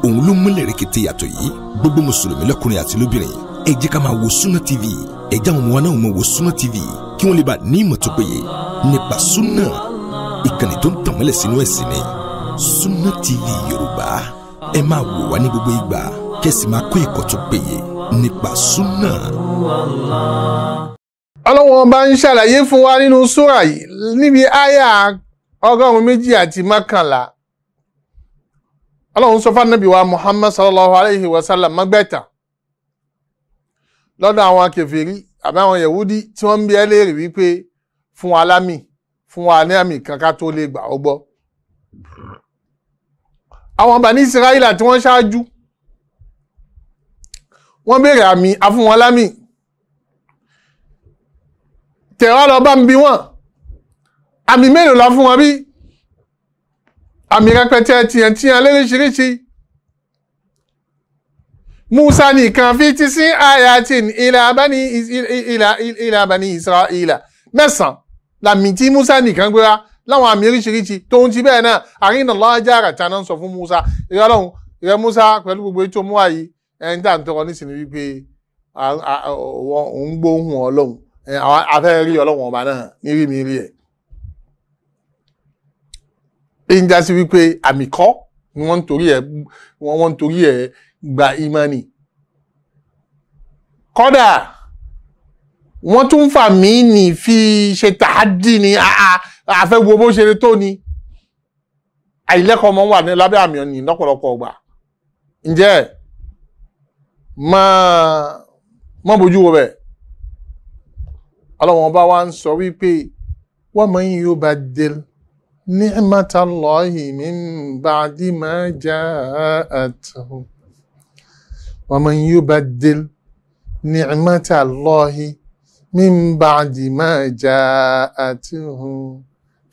[SPEAKER 1] òun ló múlẹ̀ rẹ̀kẹ̀tẹ̀ yàtọ̀ yìí gbogbo mùsùlùmí lọ́kùnrin àti lóbìnrin ẹ jẹ́ ká máa wo Sunna TV ẹ jẹ́ àwọn ọmọ náà máa wo Sunna TV kí wọ́n lè bá ní ìmọ̀ tó péye nípa Sunna ìkànnì tó ń tànmọ́lẹ̀ sínú ẹ̀sìn ni Sunna TV Yorùbá ẹ máa wò wá ní gbogbo ìgbà kẹ́sì máa kó ẹ̀kọ́ tó péye nípa Sunna. ọlọ́wọ́n ọba ń ṣàlàyé fún wa nínú súrà yìí níbi àyà ọgọ́rùn-ún méjì àti mọ́kànlá ọlọ́run sọ fún anabi wa muhammad sallallahu alayhi wa sallam magbẹ́ta lọ́dọ̀ àwọn kèfèrí àbí àwọn yẹ̀wúdí tí wọ́n ń bi ẹ́ léèrè wípé fún wa lámì fún wa ní àmì kankan tó lè gbà ó gbọ́. àwọn bani israẹli tí wọ́n ṣáájú wọ́n béèrè àmì afún tẹ̀wá lọ bá ń bi wọ́n àmì mélòó la fún wọn bíi àmì rẹpẹtẹ tìyàntìyàn lóríṣiríṣi musa nìkan fi ti sí ayatin ilà abani ilà ilà abani israila mẹ́sàn-án làmì tí musa nìkan gbé wá láwọn àmì oríṣiríṣi tó ń ti bẹ́ẹ̀ náà àrínà lọ́jà àràtà náà ń sọ fún musa ìrẹ́ ọlọ́run ìrẹ́ musa pẹ̀lú gbogbo ètò mú àyè ẹni tá a ń tọrọ nísìnyí wípé òun gbóhùn ọlọ́run afẹ́ rí ọlọ́run ọba náà mírí ẹ̀ èyí já sí wípé àmì kọ́ ni wọ́n ń torí ẹ̀ wọ́n wọ́n ń kọ́dà wọ́n tún fà mí nì fi ṣe tàádì ni àfẹ́ wo bó ṣe tó ni àìlẹ́kọ̀ọ́ ọmọ wà ní lábẹ́ àmì ọ̀nì lọ́pọ̀lọpọ̀ ọgbà ǹjẹ́ máa mọ́ bójú wo bẹ̀. ọlọ́wọ́n bá wá ń sọ wípé wa man yubaddil نعمة الله من بعد ما جاءته ومن يبدل نعمة الله من بعد ما جاءته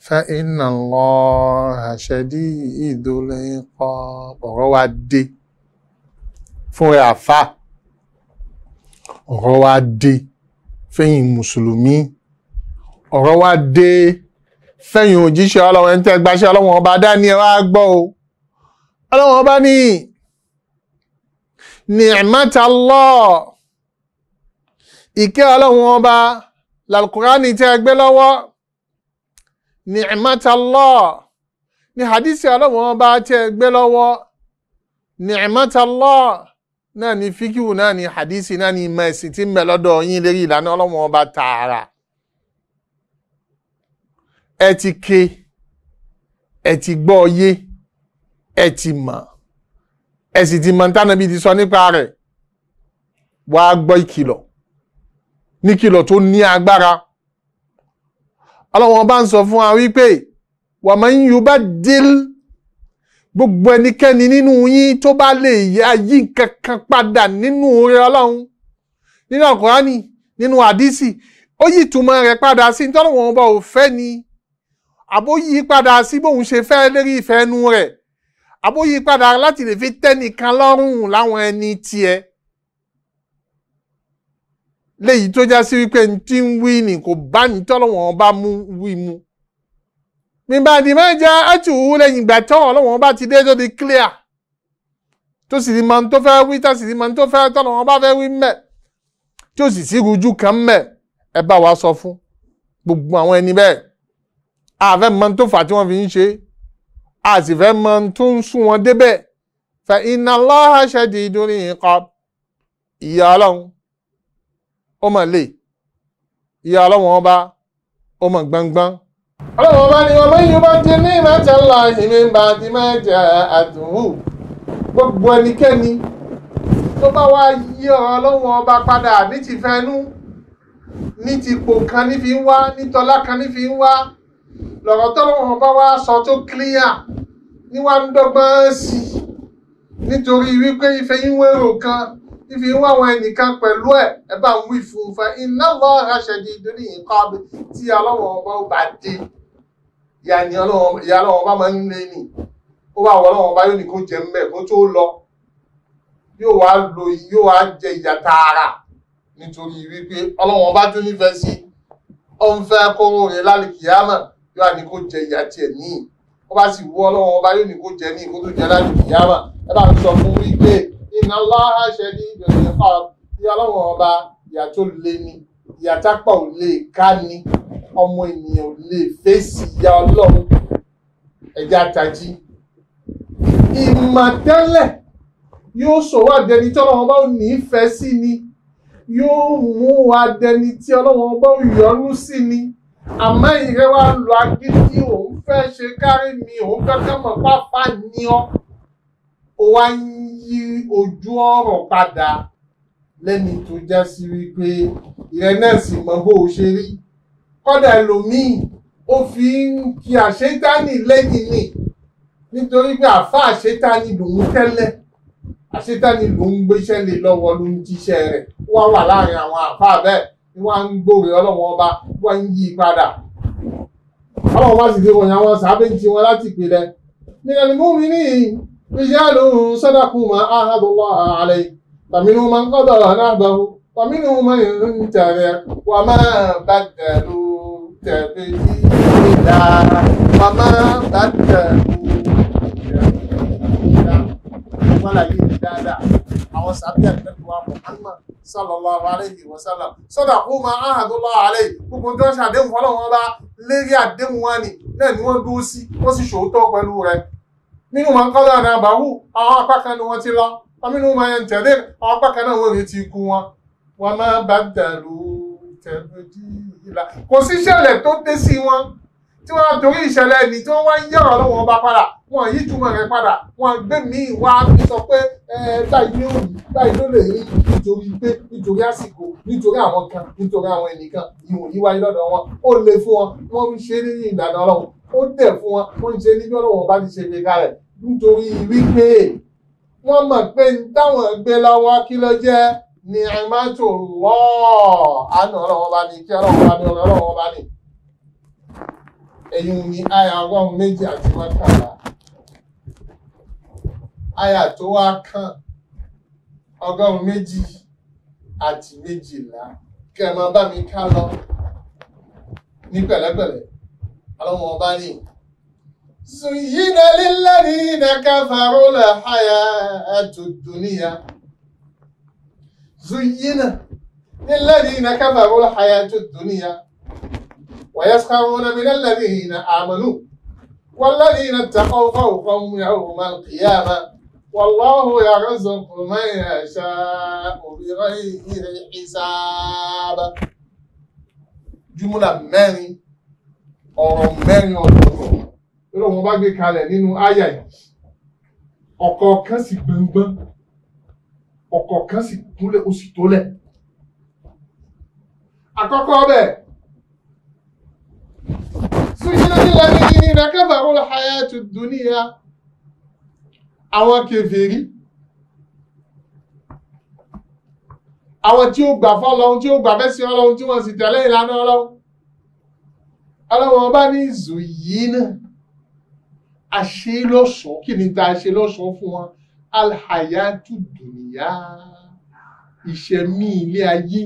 [SPEAKER 1] فإن الله شديد العقاب ọ̀rọ̀ wa dé fún àfà ọ̀rọ̀ wa dé fẹ́yìn mùsùlùmí ọ̀rọ̀ wa dé sẹ́yìn òjíṣẹ́ ọlọ́wọ́ ẹni tẹ́ gbaṣẹ́ ọlọ́wọ́ ọba dání ẹ wá gbọ́ o ọlọ́wọ́ ọba ní ni'matallah ìkẹ́ ọlọ́wọ́ ọba làlùkùránì tẹ́ gbé lọ́wọ́ ni'matallah ní hadisi ọlọ́wọ́ ọba tẹ́ gbé lọ́wọ́ ni'matallah náà ni fíkìwù náà ni hadisi náà ni ìmọ̀ ẹ̀sìn tí ń bẹ lọ́dọ̀ yín lérí ìlànà ọlọ́wọ́ ọba tààrà ẹ ti ke ẹ ti gbọ́ ọyé ẹ ti mọ̀ ẹ sì ti mọ̀ tánàbí ti sọ nípa rẹ̀ wàá gbọ́ ìkìlọ̀ ní kìlọ̀ tó ní agbára ọlọ́wọ́n bá ń sọ fún wa wípé wa man yubaddil gbogbo ẹnikẹ́ni nínú yín tó bá lè yá yí kankan padà nínú oore ọlọ́run nínú al nínú àdísì ó yí ìtumọ̀ rẹ̀ padà sí nítorí wọn bá ò fẹ́ ni àbóyí padà sí bóun ṣe fẹ́ lérí ìfẹ́ nu rẹ̀ àbóyí padà láti lè fi tẹ́nìkan lọ́rùn láwọn ẹni tiẹ̀ léyìí tó já sí wípé n tí ń wí ni kò bá ní tọ́lọ́wọ́n bá mú wí mu nígbàdí máa jẹ́ ẹ̀tùwú lẹ́yìn ìgbà tọ́ ọlọ́wọ́n bá ti dé tó di clear tó sì ti máa tó fẹ́ wí tó sì ti máa tó fẹ́ tọ́lọ́wọ́n bá fẹ́ wí mẹ́ tí sì sí rújú kan mẹ́ ẹ bá wa sọ fún gbogbo àwọn ẹni bẹ́ẹ̀ àfẹ́ mọ tó fà tí wọ́n fi ń ṣe a sì fẹ́ mọ tó ń sún wọn débẹ̀ fa inna Allaha shadidul iqab ìyá ọlọ́run ó mọ̀ lè ìyá ọlọ́run ọba ó mọ̀ gbọ́ngbọ́n. ọlọ́run ọba ni ọmọ yìí bá ti ní ìmọ̀tẹ́ lọ ìmí bá ti máa jẹ gbogbo ẹnikẹ́ni tó bá wá yí ọlọ́run ọba padà ní ti fẹnu ní ti pò kan ní fi ń wá ní tọ́lá kan ní fi ń wá lọ́rọ̀ tọ́lọ́wọ́n bá wá sọ tó clear ní wá ń dọ́gbọ́n sí i nítorí wípé ife yín wérò kan ife wá àwọn ẹnìkan pẹ̀lú ẹ̀ ẹ bá ń wí fún un fa iná lọ́ ránṣẹ́ di ìdóní nǹkan ọbẹ̀ tí ọlọ́wọ́n bá bá dé ìyàní ọlọ́wọ́n bá máa ń lé ní ó bá wọ ọlọ́wọ́n bá yóò ní kó jẹ mbẹ́ kó tó lọ yóò wá lo yóò wá jẹ ìyà tààrà nítorí wípé ọlọ́wọ́n bá tún nífẹ̀ẹ́ sí ọ̀nfẹ́ kóró rẹ̀ lálẹ́ kìámà yóò á ní kó jẹ ìyá tiẹ̀ níyì ó bá sì wú ọlọ́run ọba yóò ní kó jẹ ní kó tó jẹ láti ìyáàmà ẹ bá sọ fún wípé iná láhà ṣe ní ìbẹ̀rẹ̀ fà ní ọlọ́run ọba ìyà tó le ni ìyà tápà ò lè ká ni ọmọ ènìyàn ò lè fèsì ìyà ọlọ́run ẹ̀jẹ̀ àtàjì ìmọ̀tẹ́lẹ̀ yóò sọ̀rọ̀ àdẹni tí ọlọ́run ọba ò ní fẹ́ sí ni yóò mú àdẹni tí ọlọ́run ọba ò yọ́nú sí àmọ́ ìrẹ́ wa lọ agídí òun fẹ́ ṣe kárí mi òun kẹ́kẹ́ mọ̀ pápá ni ọ́ ó wá ń yí ojú ọ̀rọ̀ padà lẹ́ni tó já sí wípé ìrẹ́ náà sì mọ bó o ṣe rí kọ́dà ẹlòmíì ó fi ń kí àṣetánì lẹ́yìn ni nítorí pé àfa àṣetánì lòun tẹ́lẹ̀ àṣetánì lòun gbéṣẹ́ lé lọ́wọ́ ló ń jíṣẹ́ rẹ̀ wá wà láàrin àwọn àfa bẹ́ẹ̀ wọ́n á ń gbòòrè ọlọ́run ọba wọ́n á ń yí padà ọlọ́run wá sì fi wọ̀nyí àwọn sàábẹ́ ti wọn láti ìpìlẹ̀ minal mu'minin rijalun sadaqu ma ahadullaha alayhi faminhum man qada nahbahu faminhum man intazir wa ma baddalu tabdila wa ma baddalu tabdila wọ́n láyé dáadáa àwọn sàábẹ́ àgbẹ̀kọ̀ wa Muhammad sallallahu alayhi wa sallam sọ́dà kó máa áhàdúlọ́ àlẹ́ gbogbo tó ń ṣàdéhùn fọlọ́wọ́n bá lérí àdéhùn wọn ni náà ni wọ́n dúró sí wọ́n sì ṣòótọ́ pẹ̀lú rẹ̀ nínú máa ń kọ́ lọ́nà àbáwù àwọn apá kan ni wọ́n ti lọ nínú máa ń tẹ̀lé àwọn apá kan náà wọ́n rí ti ikú wọn wọ́n máa bá dàrú tẹ̀lé kò sí ìṣẹ̀lẹ̀ tó dé sí wọn tí wọ́n torí ìṣẹ̀lẹ̀ ẹni tí wọ́n wá ń yẹ̀rọ lọ́wọ́ ọba padà wọn yí túmọ̀ rẹ̀ padà wọn gbé mi wá fi sọ pé báyìí ló rí báyìí ló lè rí nítorí pé nítorí àsìkò nítorí àwọn kan nítorí àwọn ẹnìkan ìwò yí wáyé lọ́dọ̀ wọn ó le fún wọn wọ́n ń ṣe ní ìlànà ọlọ́run ó dẹ̀ fún wọn wọ́n ń ṣe ní lọ́dọ̀ bá ti ṣe gbé kalẹ̀ nítorí wípé wọ́n mọ̀ pé táwọn gbé lọ́wọ́ kí ló jẹ́ ní àmàtò lọ́ọ̀ àánú ọlọ́wọ́ bá ní kí ọlọ́wọ́ bá ní ọlọ́wọ́ bá ní ẹ̀yìn ni àyà ọgọ́rùn-ún méjì àti mọ́kànlá àyà tó wá kàn ọgọ́rùn-ún méjì àti méjìlá kí ẹ máa bá mi ká lọ ní pẹ̀lẹ́pẹ̀lẹ́ ọlọ́mọ ọba ní. زين للذين كفروا الحياة الدنيا زين للذين كفروا الحياة الدنيا ويسخرون من الذين آمنوا والذين اتقوا فوقهم يوم القيامة والله يرزق من يشاء بغير حساب جملة mẹ́rin ọ̀rọ̀ mẹ́rin ọ̀tọ̀ọ̀tọ̀ lórí wọn bá gbé kalẹ̀ nínú àyà yìí ọ̀kọ̀ọ̀kan sì gbọ̀ngbọ̀n ọ̀kọ̀ọ̀kan sì kúnlẹ̀ ó sì tólẹ̀ àkọ́kọ́ bẹ́ẹ̀ alladhina kafaru al-hayatu ad-dunya àwọn kèfèrí àwọn tí ó gbà fọ́lọ́hun tí ó gbà fẹ́sí ọlọ́hun tí wọ́n sì tẹ̀lé ìlànà ọlọ́hun ọlọ́wọ́n bá ní ìzù yìí náà a ṣe kí ni ta ṣe lọ́ṣọ́ fún wọn alhayatu dunya ìṣẹ̀mí ilé ayé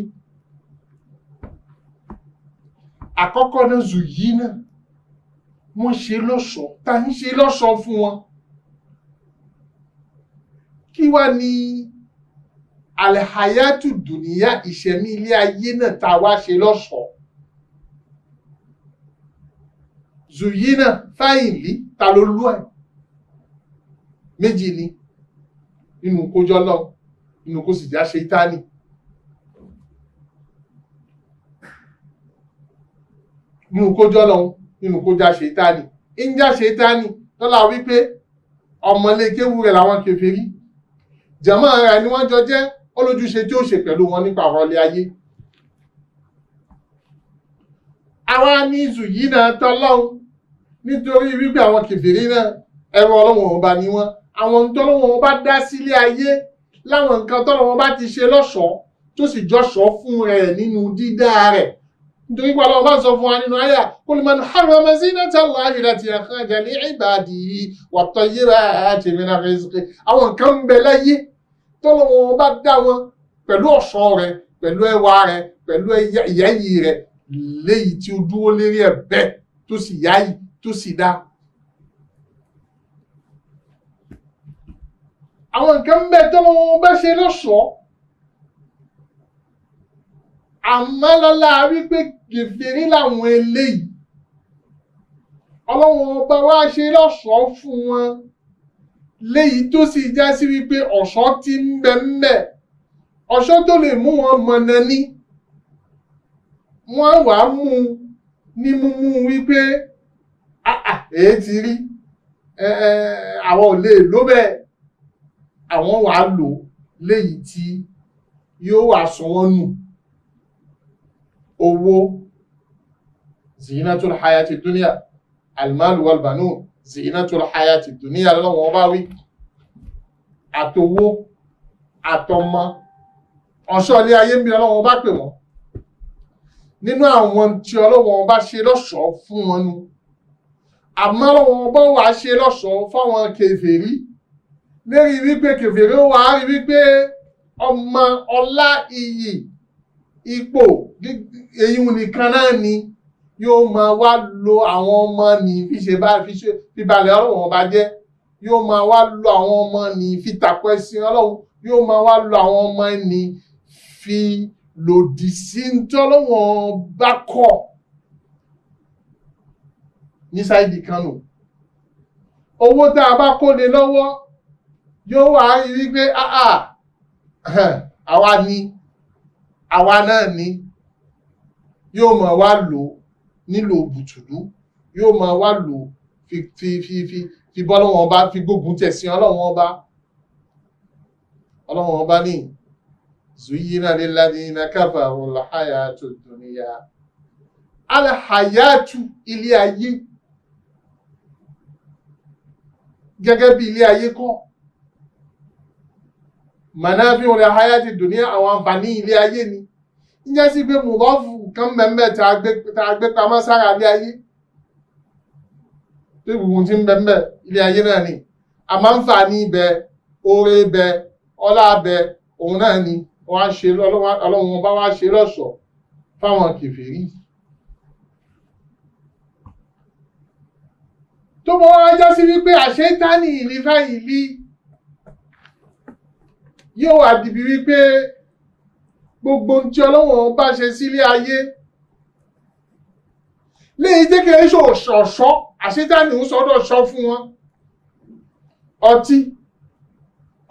[SPEAKER 1] àkọ́kọ́ náà zù yìí náà wọ́n ṣe lọ́ṣọ̀ọ́ ta ń ṣe lọ́ṣọ̀ọ́ fún wọn. kí wá ni alhayatu dùnìyà ìṣẹ̀mí ilé ayé náà tá a wá ṣe lọ́ṣọ̀ọ́. zuyina fáìlì ta ló lú ẹ̀ méjì ni nínú kójọ́ náà nínú kó sì já ṣe tánì. nínú kójọ́ náà nínú kó já ṣètánì ń já ṣètánì lọ́la wípé ọmọlé kéwu rẹ̀ làwọn kèfèrí jàmọ́ ara ni wọ́n jọ jẹ́ olójúṣe tí ó ṣe pẹ̀lú wọn nípa ọ̀rọ̀ ilé ayé àwa ní ìzù yìí náà tọ́lọ́hún nítorí wípé àwọn kèfèrí náà ẹ̀rọ ọlọ́wọ̀n ọba ni wọ́n àwọn ohun tọ́lọ́wọ̀n ọba dá sílé ayé láwọn nǹkan tọ́lọ́wọ̀n ọba ti ṣe lọ́ṣọ̀ọ́ tó sì jọ́ṣọ̀ọ́ fún rẹ̀ nínú dídá rẹ̀ nítorí pé ọlọ́run bá sọ fún wa nínú àyà qul man harrama zinata Allahi allati akhraja li ibadihi wat-tayyibati mina rizqi àwọn nǹkan ń bẹ láyé tọ́lọ́wọ́n bá dá wọn pẹ̀lú ọ̀ṣọ́ rẹ̀ pẹ̀lú ẹwà rẹ̀ pẹ̀lú ìyáyí rẹ̀ léyìí tí ó dúró lérí ẹ̀ bẹ́ẹ̀ tó sì yáyí tó sì dá. àwọn nǹkan ń bẹ tọ́lọ́wọ́n bá ṣe lọ́ṣọ̀ọ́ àmọ́ lọ́la wípé gèfèrí làwọn eléyìí ọlọ́run ọba wa ṣe lọ́ṣọ̀ọ́ fún wọn léyìí tó sì já sí wípé ọ̀ṣọ́ ti ń bẹ ń bẹ ọ̀ṣọ́ tó lè mú wọn mọ̀nà ní wọ́n wà á mú ní múmú wípé èé ti rí àwọn ò lè ló bẹ́ẹ̀ àwọn wà á lò léyìí tí yóò wà sọ wọ́n nù owó zinatul hayati dunya almalu wal banun zinatul hayati dunya lọ́wọ́ bá wí àtowó àtọmọ ọ̀ṣọ́ ilé ayé ń bí ọlọ́wọ́ bá pè wọ́n nínú àwọn tí ọlọ́wọ́ bá ṣe lọ́ṣọ̀ọ́ fún wọn nu àmọ́ ọlọ́wọ́ bá wà ṣe lọ́ṣọ̀ọ́ fáwọn kèfèrí lérí wípé kèfèrí wà á rí wípé ọmọ ọlá iyì ipò eyín nìkan náà ni yóò máa wá lo àwọn ọmọ ní fi ṣe bá fi balẹ̀ ọlọ́run ọba jẹ́ yóò máa wá lo àwọn ọmọ ní fi tàkò ẹ̀sìn ọlọ́run yóò máa wá lo àwọn ọmọ ní fi lòdì sí tọ́lọ́wọ́n bá kọ̀ ní sáìdì kan nù owó tá a bá kó lé lọ́wọ́ yóò wá rí pé àwa ni àwa náà ni yóò máa wá lò nílò bùtùlù yóò máa wá lò fi fi fi fi fi bọ́ lọ́wọ́ ọba fi gbógun tẹ̀sìn ọlọ́wọ́ ọba ọlọ́wọ́ ọba ní zuyina lilladhina kafaru alhayatu dunya ilé ayé gẹ́gẹ́ bí ilé ayé kọ́ manafi wọn hayati dunia àwọn àǹfààní ilé ayé ni ìjẹ́ sí pé mùdọ́fù kan bẹ̀m̀bẹ̀ tá a gbé pamọ́ sára ilé ayé tó ìbùkún ti ń bẹ̀m̀bẹ̀ ilé ayé náà ni àmọ́ àǹfààní ibẹ̀ oore ibẹ̀ ọlá ibẹ̀ òun náà ni wọ́n á ṣe ọlọ́run ọba wá ṣe lọ́ṣọ̀ọ́ fáwọn kìfìrí tó mọ́ wá já sí wípé àṣẹ tání ìlífà ìlí yóò wá dìbí wípé gbogbo ohun tí ọlọ́wọ́n bá ṣe sílé ayé léyìí tí kìí ṣe ọ̀ṣọ̀ṣọ́ àṣetánì ń sọdọ̀ ṣọ́ fún wọn ọtí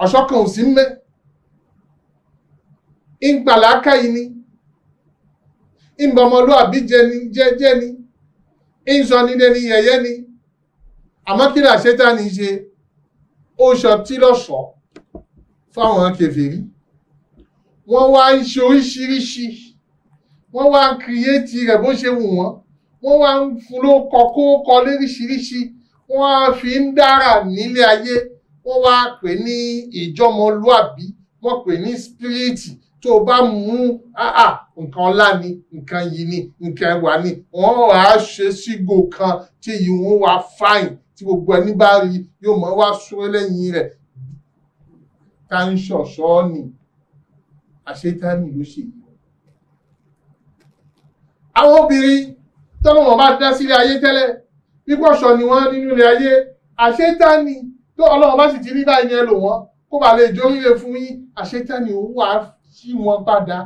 [SPEAKER 1] ọ̀ṣọ́ kan ò sí mẹ́ ìgbàlákà yìí ni ìgbọ̀mọlúàbí jẹni jẹjẹni ìsọnidẹni yẹyẹ ni àmọ́ kí ni àṣetánì ṣe ó ṣọtí lọ́ṣọ̀ọ́ fáwọn kèfèrí wọ́n wá ń ṣe oríṣiríṣi wọ́n wá ń kírètì rẹ̀ bó ṣe wù wọ́n wọ́n wá ń fún ló kọ kó kọ lóríṣiríṣi wọ́n á fi ń dára nílé ayé wọ́n wá pè ní ìjọmọlúàbí wọ́n pè ní spiriti tó o bá mú àà nǹkan ńlá ni nǹkan yìí ni nǹkan ẹwà ni wọ́n wà ṣe sígò kan tí yìí wá fáìn tí gbogbo ẹni bá rí yóò mọ̀ wá súnrẹ́ lẹ́yìn rẹ̀ ká ń ṣọ̀ṣọ́ ni àṣetánì ló ṣe yìí àwọn obìnrin tọ́lọ́ wọn bá dá sílé ayé tẹ́lẹ̀ pípọ̀ṣọ ni wọ́n nínú ilé ayé àṣetánì tó ọlọ́run bá sì ti rí báyìí yẹn lò wọ́n kó bá lè jóríire fún yín àṣetánì ó wà sí wọn padà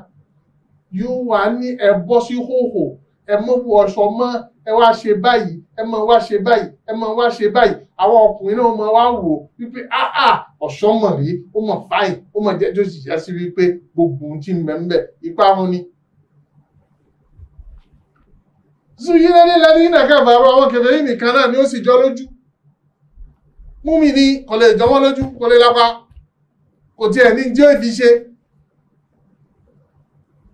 [SPEAKER 1] yóò wà ní ẹ̀bọ́ sí hòhò ẹ mọ wọ ọṣọ mọ́ ẹ wá ṣe báyìí ẹ mọ wá ṣe báyìí ẹ mọ wá ṣe báyìí àwọn ọkùnrin náà mọ wá wò wípé áá ah, ah, ọ̀ṣọ́ mọ̀ rí ó mọ̀ fáìn ó mọ̀ jẹ́jọ́ sì já sí wípé gbogbo ohun tí ń bẹ ń bẹ ipá wọn ni. zuyina lílẹ̀ ní nàkàbà àwọn kẹfẹ́ nìkan náà ni ó sì jọ lójú múmi ni kọ̀lẹ̀ ìjọwọ́ lójú kọ̀lẹ̀ lápá kò tiẹ̀ ní jẹ́ ìfi ṣe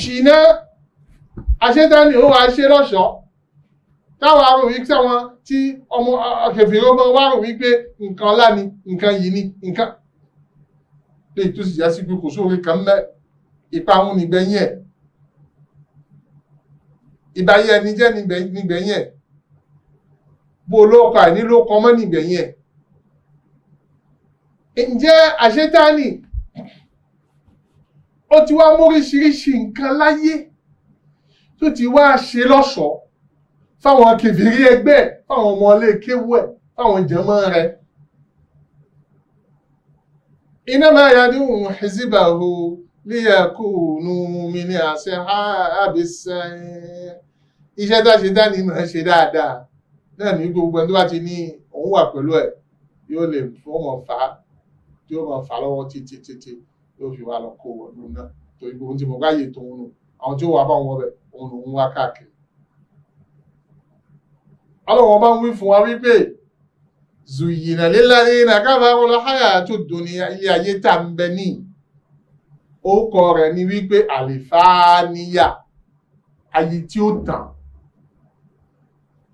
[SPEAKER 1] ṣìnà àṣetánì ó wà ṣe lọ́ṣọ̀ọ́ táwọn arò wí sáwọn tí ọmọ akẹfìrí ọmọ wa rò wípé nǹkan ọlá ni nǹkan yìí ni nǹkan lè tó sì já sí pé kò sóore kan mẹ ìparun nígbẹ̀yìn ẹ̀ ìbáyé ẹni jẹ́ nígbẹ̀yìn ẹ̀ bó olóòkọ àìnílóòkọ mọ́ nígbẹ̀yìn ẹ̀ ǹjẹ́ àṣetánì ó ti wá móríṣiríṣi nǹkan láyé tó ti wá ṣe lọ́ṣọ̀ọ́ fáwọn kèfèrí ẹgbẹ́ fáwọn ọmọ ilé kéwú ẹ̀ fáwọn jẹ̀mọ́ rẹ̀. iná máa ya ní òun hezibà o líyàkó nu mi ní àṣẹ àbẹ̀sẹ̀ iṣẹ́ tá a ṣe dání náà ṣe dáadáa náà ní gbogbo ẹni tó bá ti ní òun wà pẹ̀lú ẹ̀ yóò lè fún fà á lọ́wọ́ títí títí yóò fi wá lọ kó wọlú náà torí gbogbo tí mo ráyè tó ń nù àwọn tí ó wà bá wọn bẹ òun lòún wá káàkiri. ọlọ́wọ́n bá ń wí fún wa wípé zùyìnà lílàrí nàkàfà ọlọ́háyà tó dùnì ilé ayé tà ń bẹ ní orúkọ rẹ̀ ni wípé àlìfáàníyà ayé tí ó tàn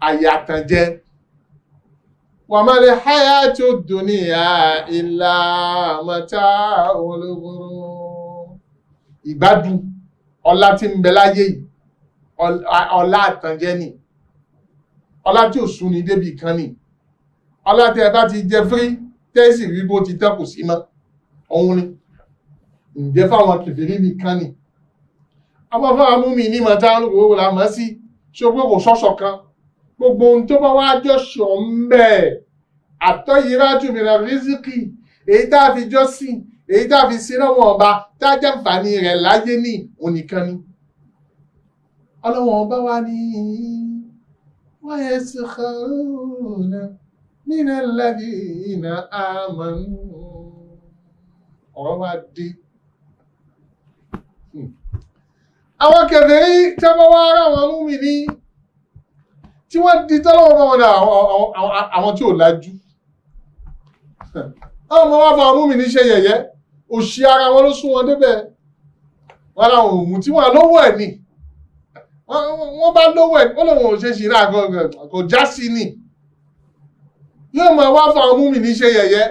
[SPEAKER 1] àyàtànjẹ وما الحياة الدنيا إلا متاع الغرور ìgbádùn ọlá tí ń bẹ láyé yìí ọlá àtànjẹ ni ọlá tí ò súnni débi kan ni ọlá tí ẹ bá ti jẹ fírí tẹ́sì rí bó ti tẹ́kù sí mọ́ òun ni ǹjẹ́ fáwọn amúmi ní mọ̀tá olùwòwò la mọ̀ sí ṣogbó kò sọ́sọ̀ kan gbogbo ohun tó bá wá jọ̀ṣọ̀ ń bẹ̀ àtọ́yírájú mìíràn rísíkì èyí tá a fi jọ́sìn èyí tá a fi sínáwó ọba tá a jẹ́ àǹfààní rẹ̀ láyé ní onìkan ni. ọlọ́wọ́n ọba wa ní wọ́n yẹ sí kàrúnà nínú ẹlẹ́bí iná àmọ́nù. ọ̀rọ̀ wa dé. Hmm. àwọn kẹfẹ́ yìí tẹ́wọ́ wá ara wọn mú mi ní tí wọ́n di tọ́lọ́wọ́ bá wọn dà àwọn tí ò lajú àwọn ọmọ wa fa ọmú mi níṣẹ́ yẹ̀yẹ́ òṣì ara wọn ló sún wọn débẹ̀ wọn làwọn òmù tí wọn lówó ẹ̀ ni wọ́n bá lówó ẹ̀ ó lóun ò ṣe ṣìrà kò já sí ni yóò máa wá fa ọmú mi níṣẹ́ yẹ̀yẹ́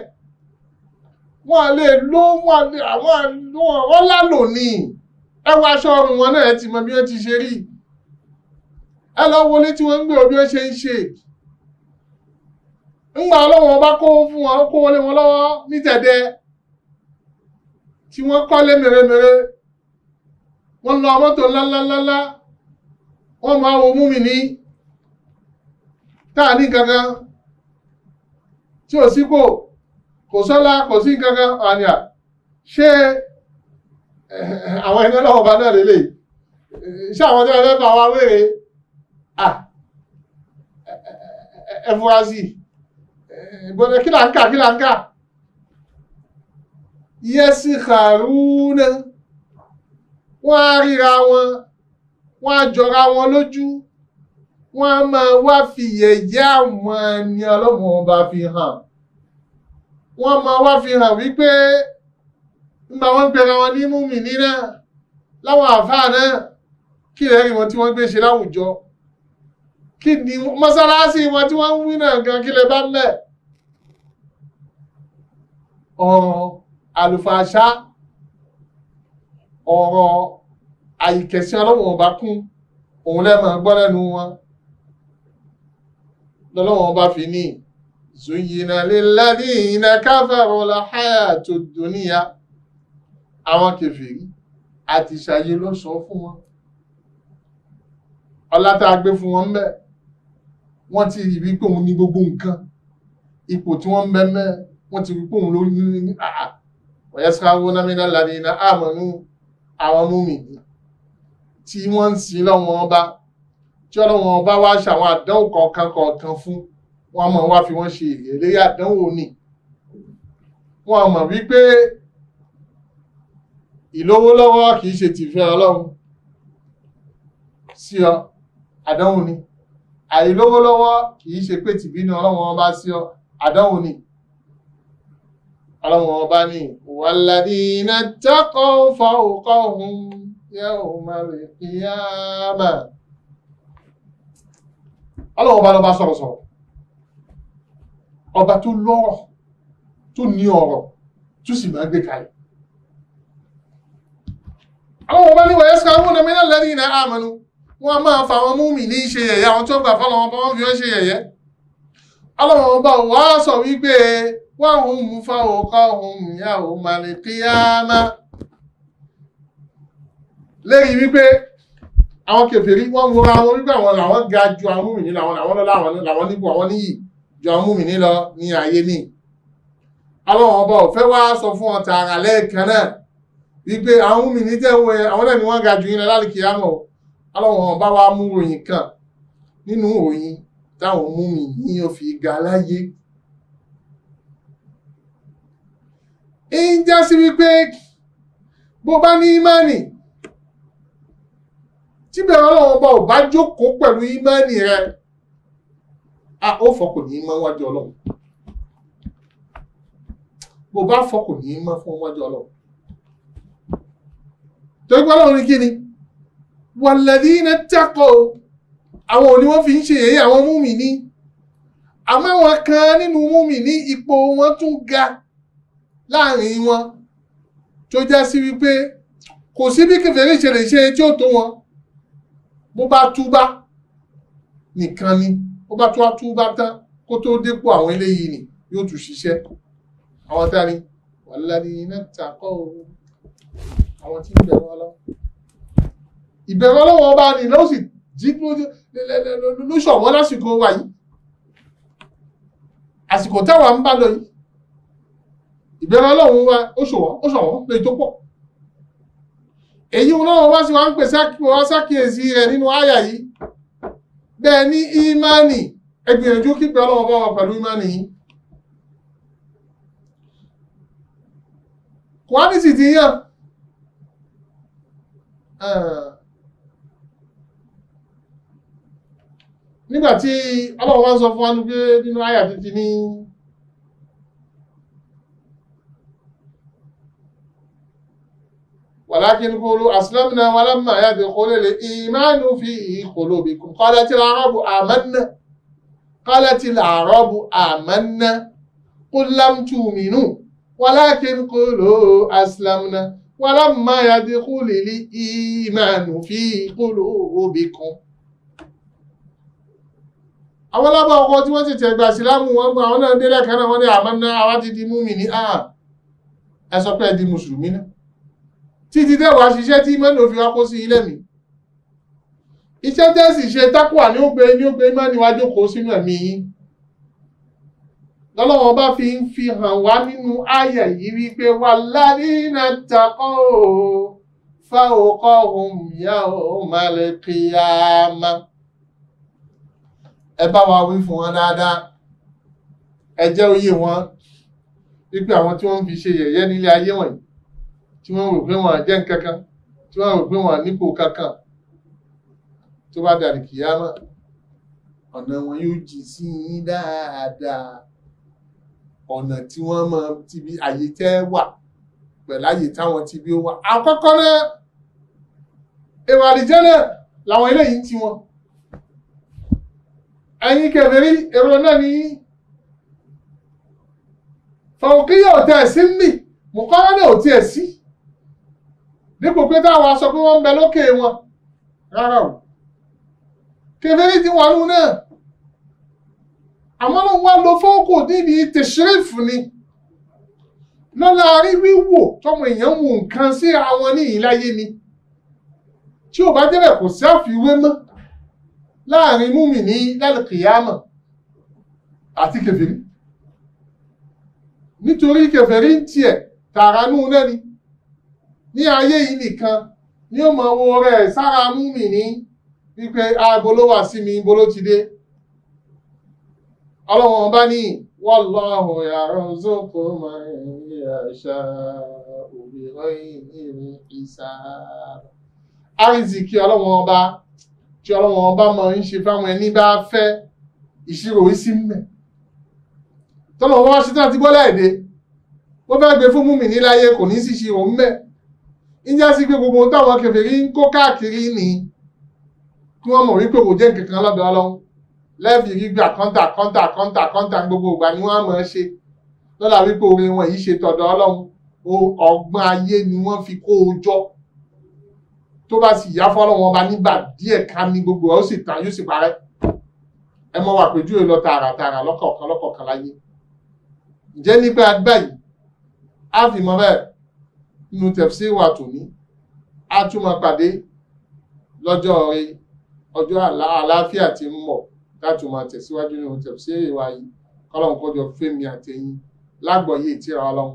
[SPEAKER 1] wọn lè ló wọn lálò ní ẹwà aṣọ ọrùn wọn náà ti mọ bí wọ́n ti ṣe rí i. ẹ lọ tí wọ́n ń gbé òbí ó ṣe ń ṣe ńgbà ọlọ́wọ́n ọba kó fún wọn kó wọlé wọn lọ́wọ́ ní tẹ̀dẹ̀ tí wọ́n kọ́lé mèremère wọ́n lọ mọ́tò ńláńláńlá wọ́n máa wo múmi ní táà ní kankan tí ò sí kò kò sọ́lá kò sí eh, eh, ṣé àwọn ẹni ọlọ́wọ́ náà lélẹ̀ Ah, fura sí ìbọ̀dẹ̀ kí là ń kà kí là ń kà yẹ́sì kàrúnà wọ́n á ríra wọn wọ́n á jọra wọn lójú wọ́n á máa wá fi yẹ̀yẹ́ àwọn ẹni ọlọ́mọ ọba fi hàn wọ́n máa wá fi hàn wípé nígbà wọ́n ń wọn ní múmi nínà láwọn àfáà náà kí lẹ́rìí wọn tí wọ́n gbé ṣe láwùjọ kí ni mọ́sálásí wọn tí wọ́n ń wí náà gan kí lè bá ń bẹ̀. ọ̀rọ̀ àlùfàṣá ọ̀rọ̀ àìkẹ̀sí ọlọ́wọ̀n ọba kún òun lẹ́mọ̀ gbọ́ lẹ́nu wọn lọ́lọ́wọ̀n ọba fi ní zuyina lilladhina kafaru lahayatu dunya àwọn kèfèrí àti ìṣàyè ló sọ fún wọn ọlá tá a gbé fún wọn ń bẹ́ẹ̀ wọ́n ti rí wípé òun ní gbogbo nǹkan ipò tí wọ́n ń bẹ́ mẹ́ wọ́n ti rí pé òun ló ní ní àà ọ̀yẹ́sìkáwó námínà làdínà àmọ́nú àwọn múmìnì tí wọ́n ń sin lọ́wọ́ ọba tí ọlọ́wọ́ ọba wá ṣàwọn àdánwò kọ̀ọ̀kan kọ̀ọ̀kan fún wọn mọ̀ wá fi wọ́n ṣe èrè àdánwò ni wọn mọ̀ wípé ìlówó lọ́wọ́ kì í ṣe tìfẹ́ ọlọ́run sí ọ àdánwò ni àìlówó lọ́wọ́ kìí ṣe pé tìbínú ọlọ́run ọba sí ọ àdánwò ni ọlọ́run ọba ní walladhina taqaw fawqahum yawmal qiyamah ọlọ́run ọba lọ́ba sọ̀rọ̀ sọ̀rọ̀ ọba tó lọ́rọ̀ tó ní ọ̀rọ̀ tó sì máa ní wa wọ́n a máa fa àwọn múmi ní ṣe yẹ̀yẹ́ àwọn tí wọ́n gbà fáwọn ọmọ wọn fi wọ́n ṣe yẹ̀yẹ́ ọlọ́run ọba wa sọ wípé wáhùn mú fáwọn káhùn ìyá òun màlẹ̀ kíyámá lérí wípé àwọn kèfèrí wọ́n wúra wọn wípé àwọn làwọn ga ju àwọn múmi làwọn làwọn lọ́lá làwọn nípò àwọn níyì ju àwọn múmi lọ ní ayé ní ọlọ́run ọba ò fẹ́ wá sọ fún ọ̀tà ara lẹ́ẹ̀kan náà wípé àwọn múmi ní tẹ́wọ́ àwọn náà ni wọ́n ga ju yín lọ lálẹ́ ọlọ́run bá wá mú ròyìn kan nínú òyìn táwọn mú mi ní ó fi ga láyé ń já sí wípé bó bá ní ìmánì tí bẹ̀rẹ̀ ọlọ́run bá ò bá jókòó pẹ̀lú ìmánì rẹ a ó fọkùn ní ìmọ̀ wájú ọlọ́run bó bá fọkùn ní ìmọ̀ fún wájú ọlọ́run tó gbọ́ kí ni wàlẹ́dínà tẹ́kọ̀ àwọn òní wọ́n fi ń ṣe yẹ̀yẹ́ àwọn múmi ní àmọ́ wọn kan nínú múmi ní ipò wọn tún ga láàrin wọn tó já sí wípé kò sí bí kẹfẹ́rí ṣe lè ṣe tí ó tó wọn bó bá túbá nìkan ni bó bá tó túbá tán kó tó dépò àwọn eléyìí ni yóò tún ṣiṣẹ́ àwọn tá ni wàlẹ́dínà tẹ́kọ̀ àwọn tí ń bẹ̀rù ọlọ́run ìbẹ̀rù ọlọ́wọ́ ọba ni ló sì jí ló ṣọ̀wọ́ lásìkò wa yìí àsìkò táwa ń bá lọ yìí ìbẹ̀rù ọlọ́run wa ó ṣọ̀wọ́ ó ṣọ̀wọ́ lóyìn tó pọ̀ èyí ọlọ́run wá sí wa ń pè sákìyèsí rẹ̀ nínú àyà yìí bẹ́ẹ̀ ní ìmánì ẹ gbìyànjú kígbe ọlọ́run bá wa pẹ̀lú ìmánì yìí kùránì sì ti yàn. Uh, nígbàtí ọlọ́run wá ń sọ fún wa pé nínú àyà títí ní wàlákin kúrú aslamna walamma yadkhulu al-imanu fi qulubikum qalatil arabu amanna qalatil arabu amanna qul lam tu'minu wàlákin kúrú aslamna walamma yadkhulu al-imanu fi qulubikum àwọn lábà ọkọ̀ tí wọ́n ti tẹ̀ gbà sílámù wọn gbà àwọn náà délẹ̀ kan náà wọ́n ní àmọ́ náà àwa ti di múmi ní àà ẹ sọ pé ẹ di mùsùlùmí náà títí tẹ́ wàá ṣiṣẹ́ tí mẹ́nu òfin wa kó sí ilé mi iṣẹ́ tẹ́ sì ṣe tákùwà ní ó gbé ní ó gbé má ní wá jókòó sínú ẹ̀mí yín lọ́lọ́wọ́ bá fi ń fi hàn wá nínú àyà yìí wípé wà lálínà takọ́ o fáwọn kọ́ ohun ìyá òun máa lè kíyàmá ẹ wa wí fún wọn dáadáa ẹ oyé wọn wípé àwọn tí wọ́n fi ṣe yẹ̀yẹ́ nílé ayé wọ̀nyí tí wọ́n rò pé wọ́n jẹ́ nǹkankan tí wọ́n rò pé wọ́n nípò kankan tó bá dàrí kìyàmá ọ̀nà wọn yóò jì sí yín dáadáa ọ̀nà tí wọ́n mọ ti àyè tẹ́ wà pẹ̀lú àyè táwọn ti wà àkọ́kọ́ náà èrò àdìjẹ́ náà làwọn eléyìí ti wọn ẹ̀yin kèfèrí èrò náà ní fàwọ̀kíyà ọ̀tẹ̀ ẹ̀sí ń mì mùkọ́rọ́ náà ò tiẹ̀ sí dípò pé táwa sọ pé wọ́n ń bẹ lókè wọn rárá o kèfèrí ti wàlú náà àmọ́ ló lo fọ́ọ̀kù níbi tẹ̀sírìfù ni lọ́la rí wíwò tọmọ èèyàn mú nǹkan síra wọn ní ìláyé ni tí ò bá débẹ̀ kò sí àfiwé mọ́ láàrin múmi ní lálùkìyàmọ̀ àti kèfèrí nítorí kèfèrí ń tiẹ̀ tààrànú náà ni ní ayé yìí nìkan ní ó mọ owó rẹ̀ sára múmi ní wípé aago ló wà sí mi ibo ló ti dé ọlọ́wọ́n bá ní wallahu yarzuqu man yasha'u bighayri hisab àrísìkí ọlọ́wọ́n tí ọlọ́run ọba máa ń ṣe fáwọn ẹni bá fẹ́ ìṣirò sí mẹ́ tọ́lọ̀ wọ́n wá ṣe tán ti gbọ́ láìdé ó fẹ́ gbé fún múmi níláyé kò ní sí ìṣirò mẹ́ ìjà sí pé gbogbo táwọn kèfèrí ń kó káàkiri ni kí wọ́n mọ̀ wípé kò jẹ́ nǹkan kan lọ́dọ̀ ọlọ́run lẹ́ẹ̀fì gbígbà kọ́ńtà kọ́ńtà kọ́ńtà kọ́ńtà gbogbo ìgbà ni wọ́n máa ṣe lọ́la wípé orin wọn yìí ṣe tọ̀dọ̀ ọlọ́run ọgbọ́n ayé ni wọ́n fi kó o jọ tó bá sì yá fọ́lọ́wọ́n ọba nígbà díẹ̀ ká ní gbogbo ó sì tán yóò sì parẹ́ ẹ mọ wà péjúwe lọ tààràtààrà lọ́kọ̀ọ̀kan lọ́kọ̀ọ̀kan láyé ǹjẹ́ nígbà báyìí á fi mọ bẹ́ẹ̀ nínú tẹ̀sí wà tòní á tún máa pàdé lọ́jọ́ rẹ ọjọ́ àlàáfíà tí ń mọ̀ láti máa tẹ̀síwájú nínú tẹ̀sí ìwà yìí kọ́lọ́n kọjọ fẹ́mi àtẹ̀yìn lágbọ̀ọ́yé ìtìra ọlọ́run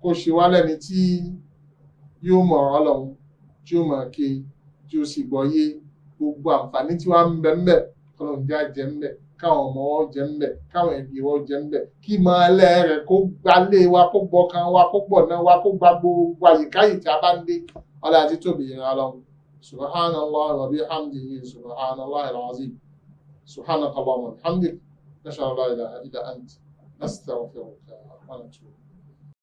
[SPEAKER 1] kó ṣe wá tí yóò mọ̀ ọlọ́run tí ó máa ké tí ó sì gbọ́yé gbogbo àǹfààní tí wàá ń bẹ ń bẹ kọlọ́n já jẹ ń bẹ káwọn ọmọ wọn jẹ ń bẹ káwọn ẹbí wọn jẹ ń bẹ kí máa lẹ rẹ kó gbalé wa kó gbọ kan wa kó gbọ náà wa kó gba gbogbo àyíkáyì tí a bá ń dé ọlá àti tóbi ìran Ọlọ́run subhanallah wa bihamdihi subhanallah alazim subhanallah wa bihamdihi nashallah ilaha illa ant nastaghfiruka wa natubu.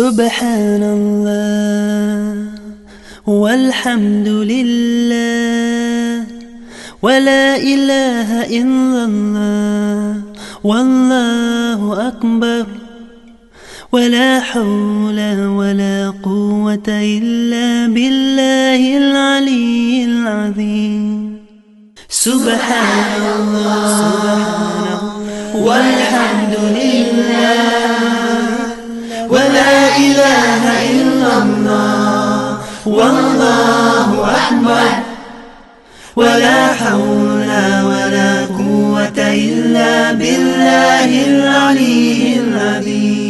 [SPEAKER 1] سبحان الله والحمد لله ولا إله إلا الله والله أكبر ولا حول ولا قوة إلا بالله العلي العظيم سبحان الله والحمد لله ولا إله إلا الله والله أكبر ولا حول ولا قوة إلا بالله العلي العظيم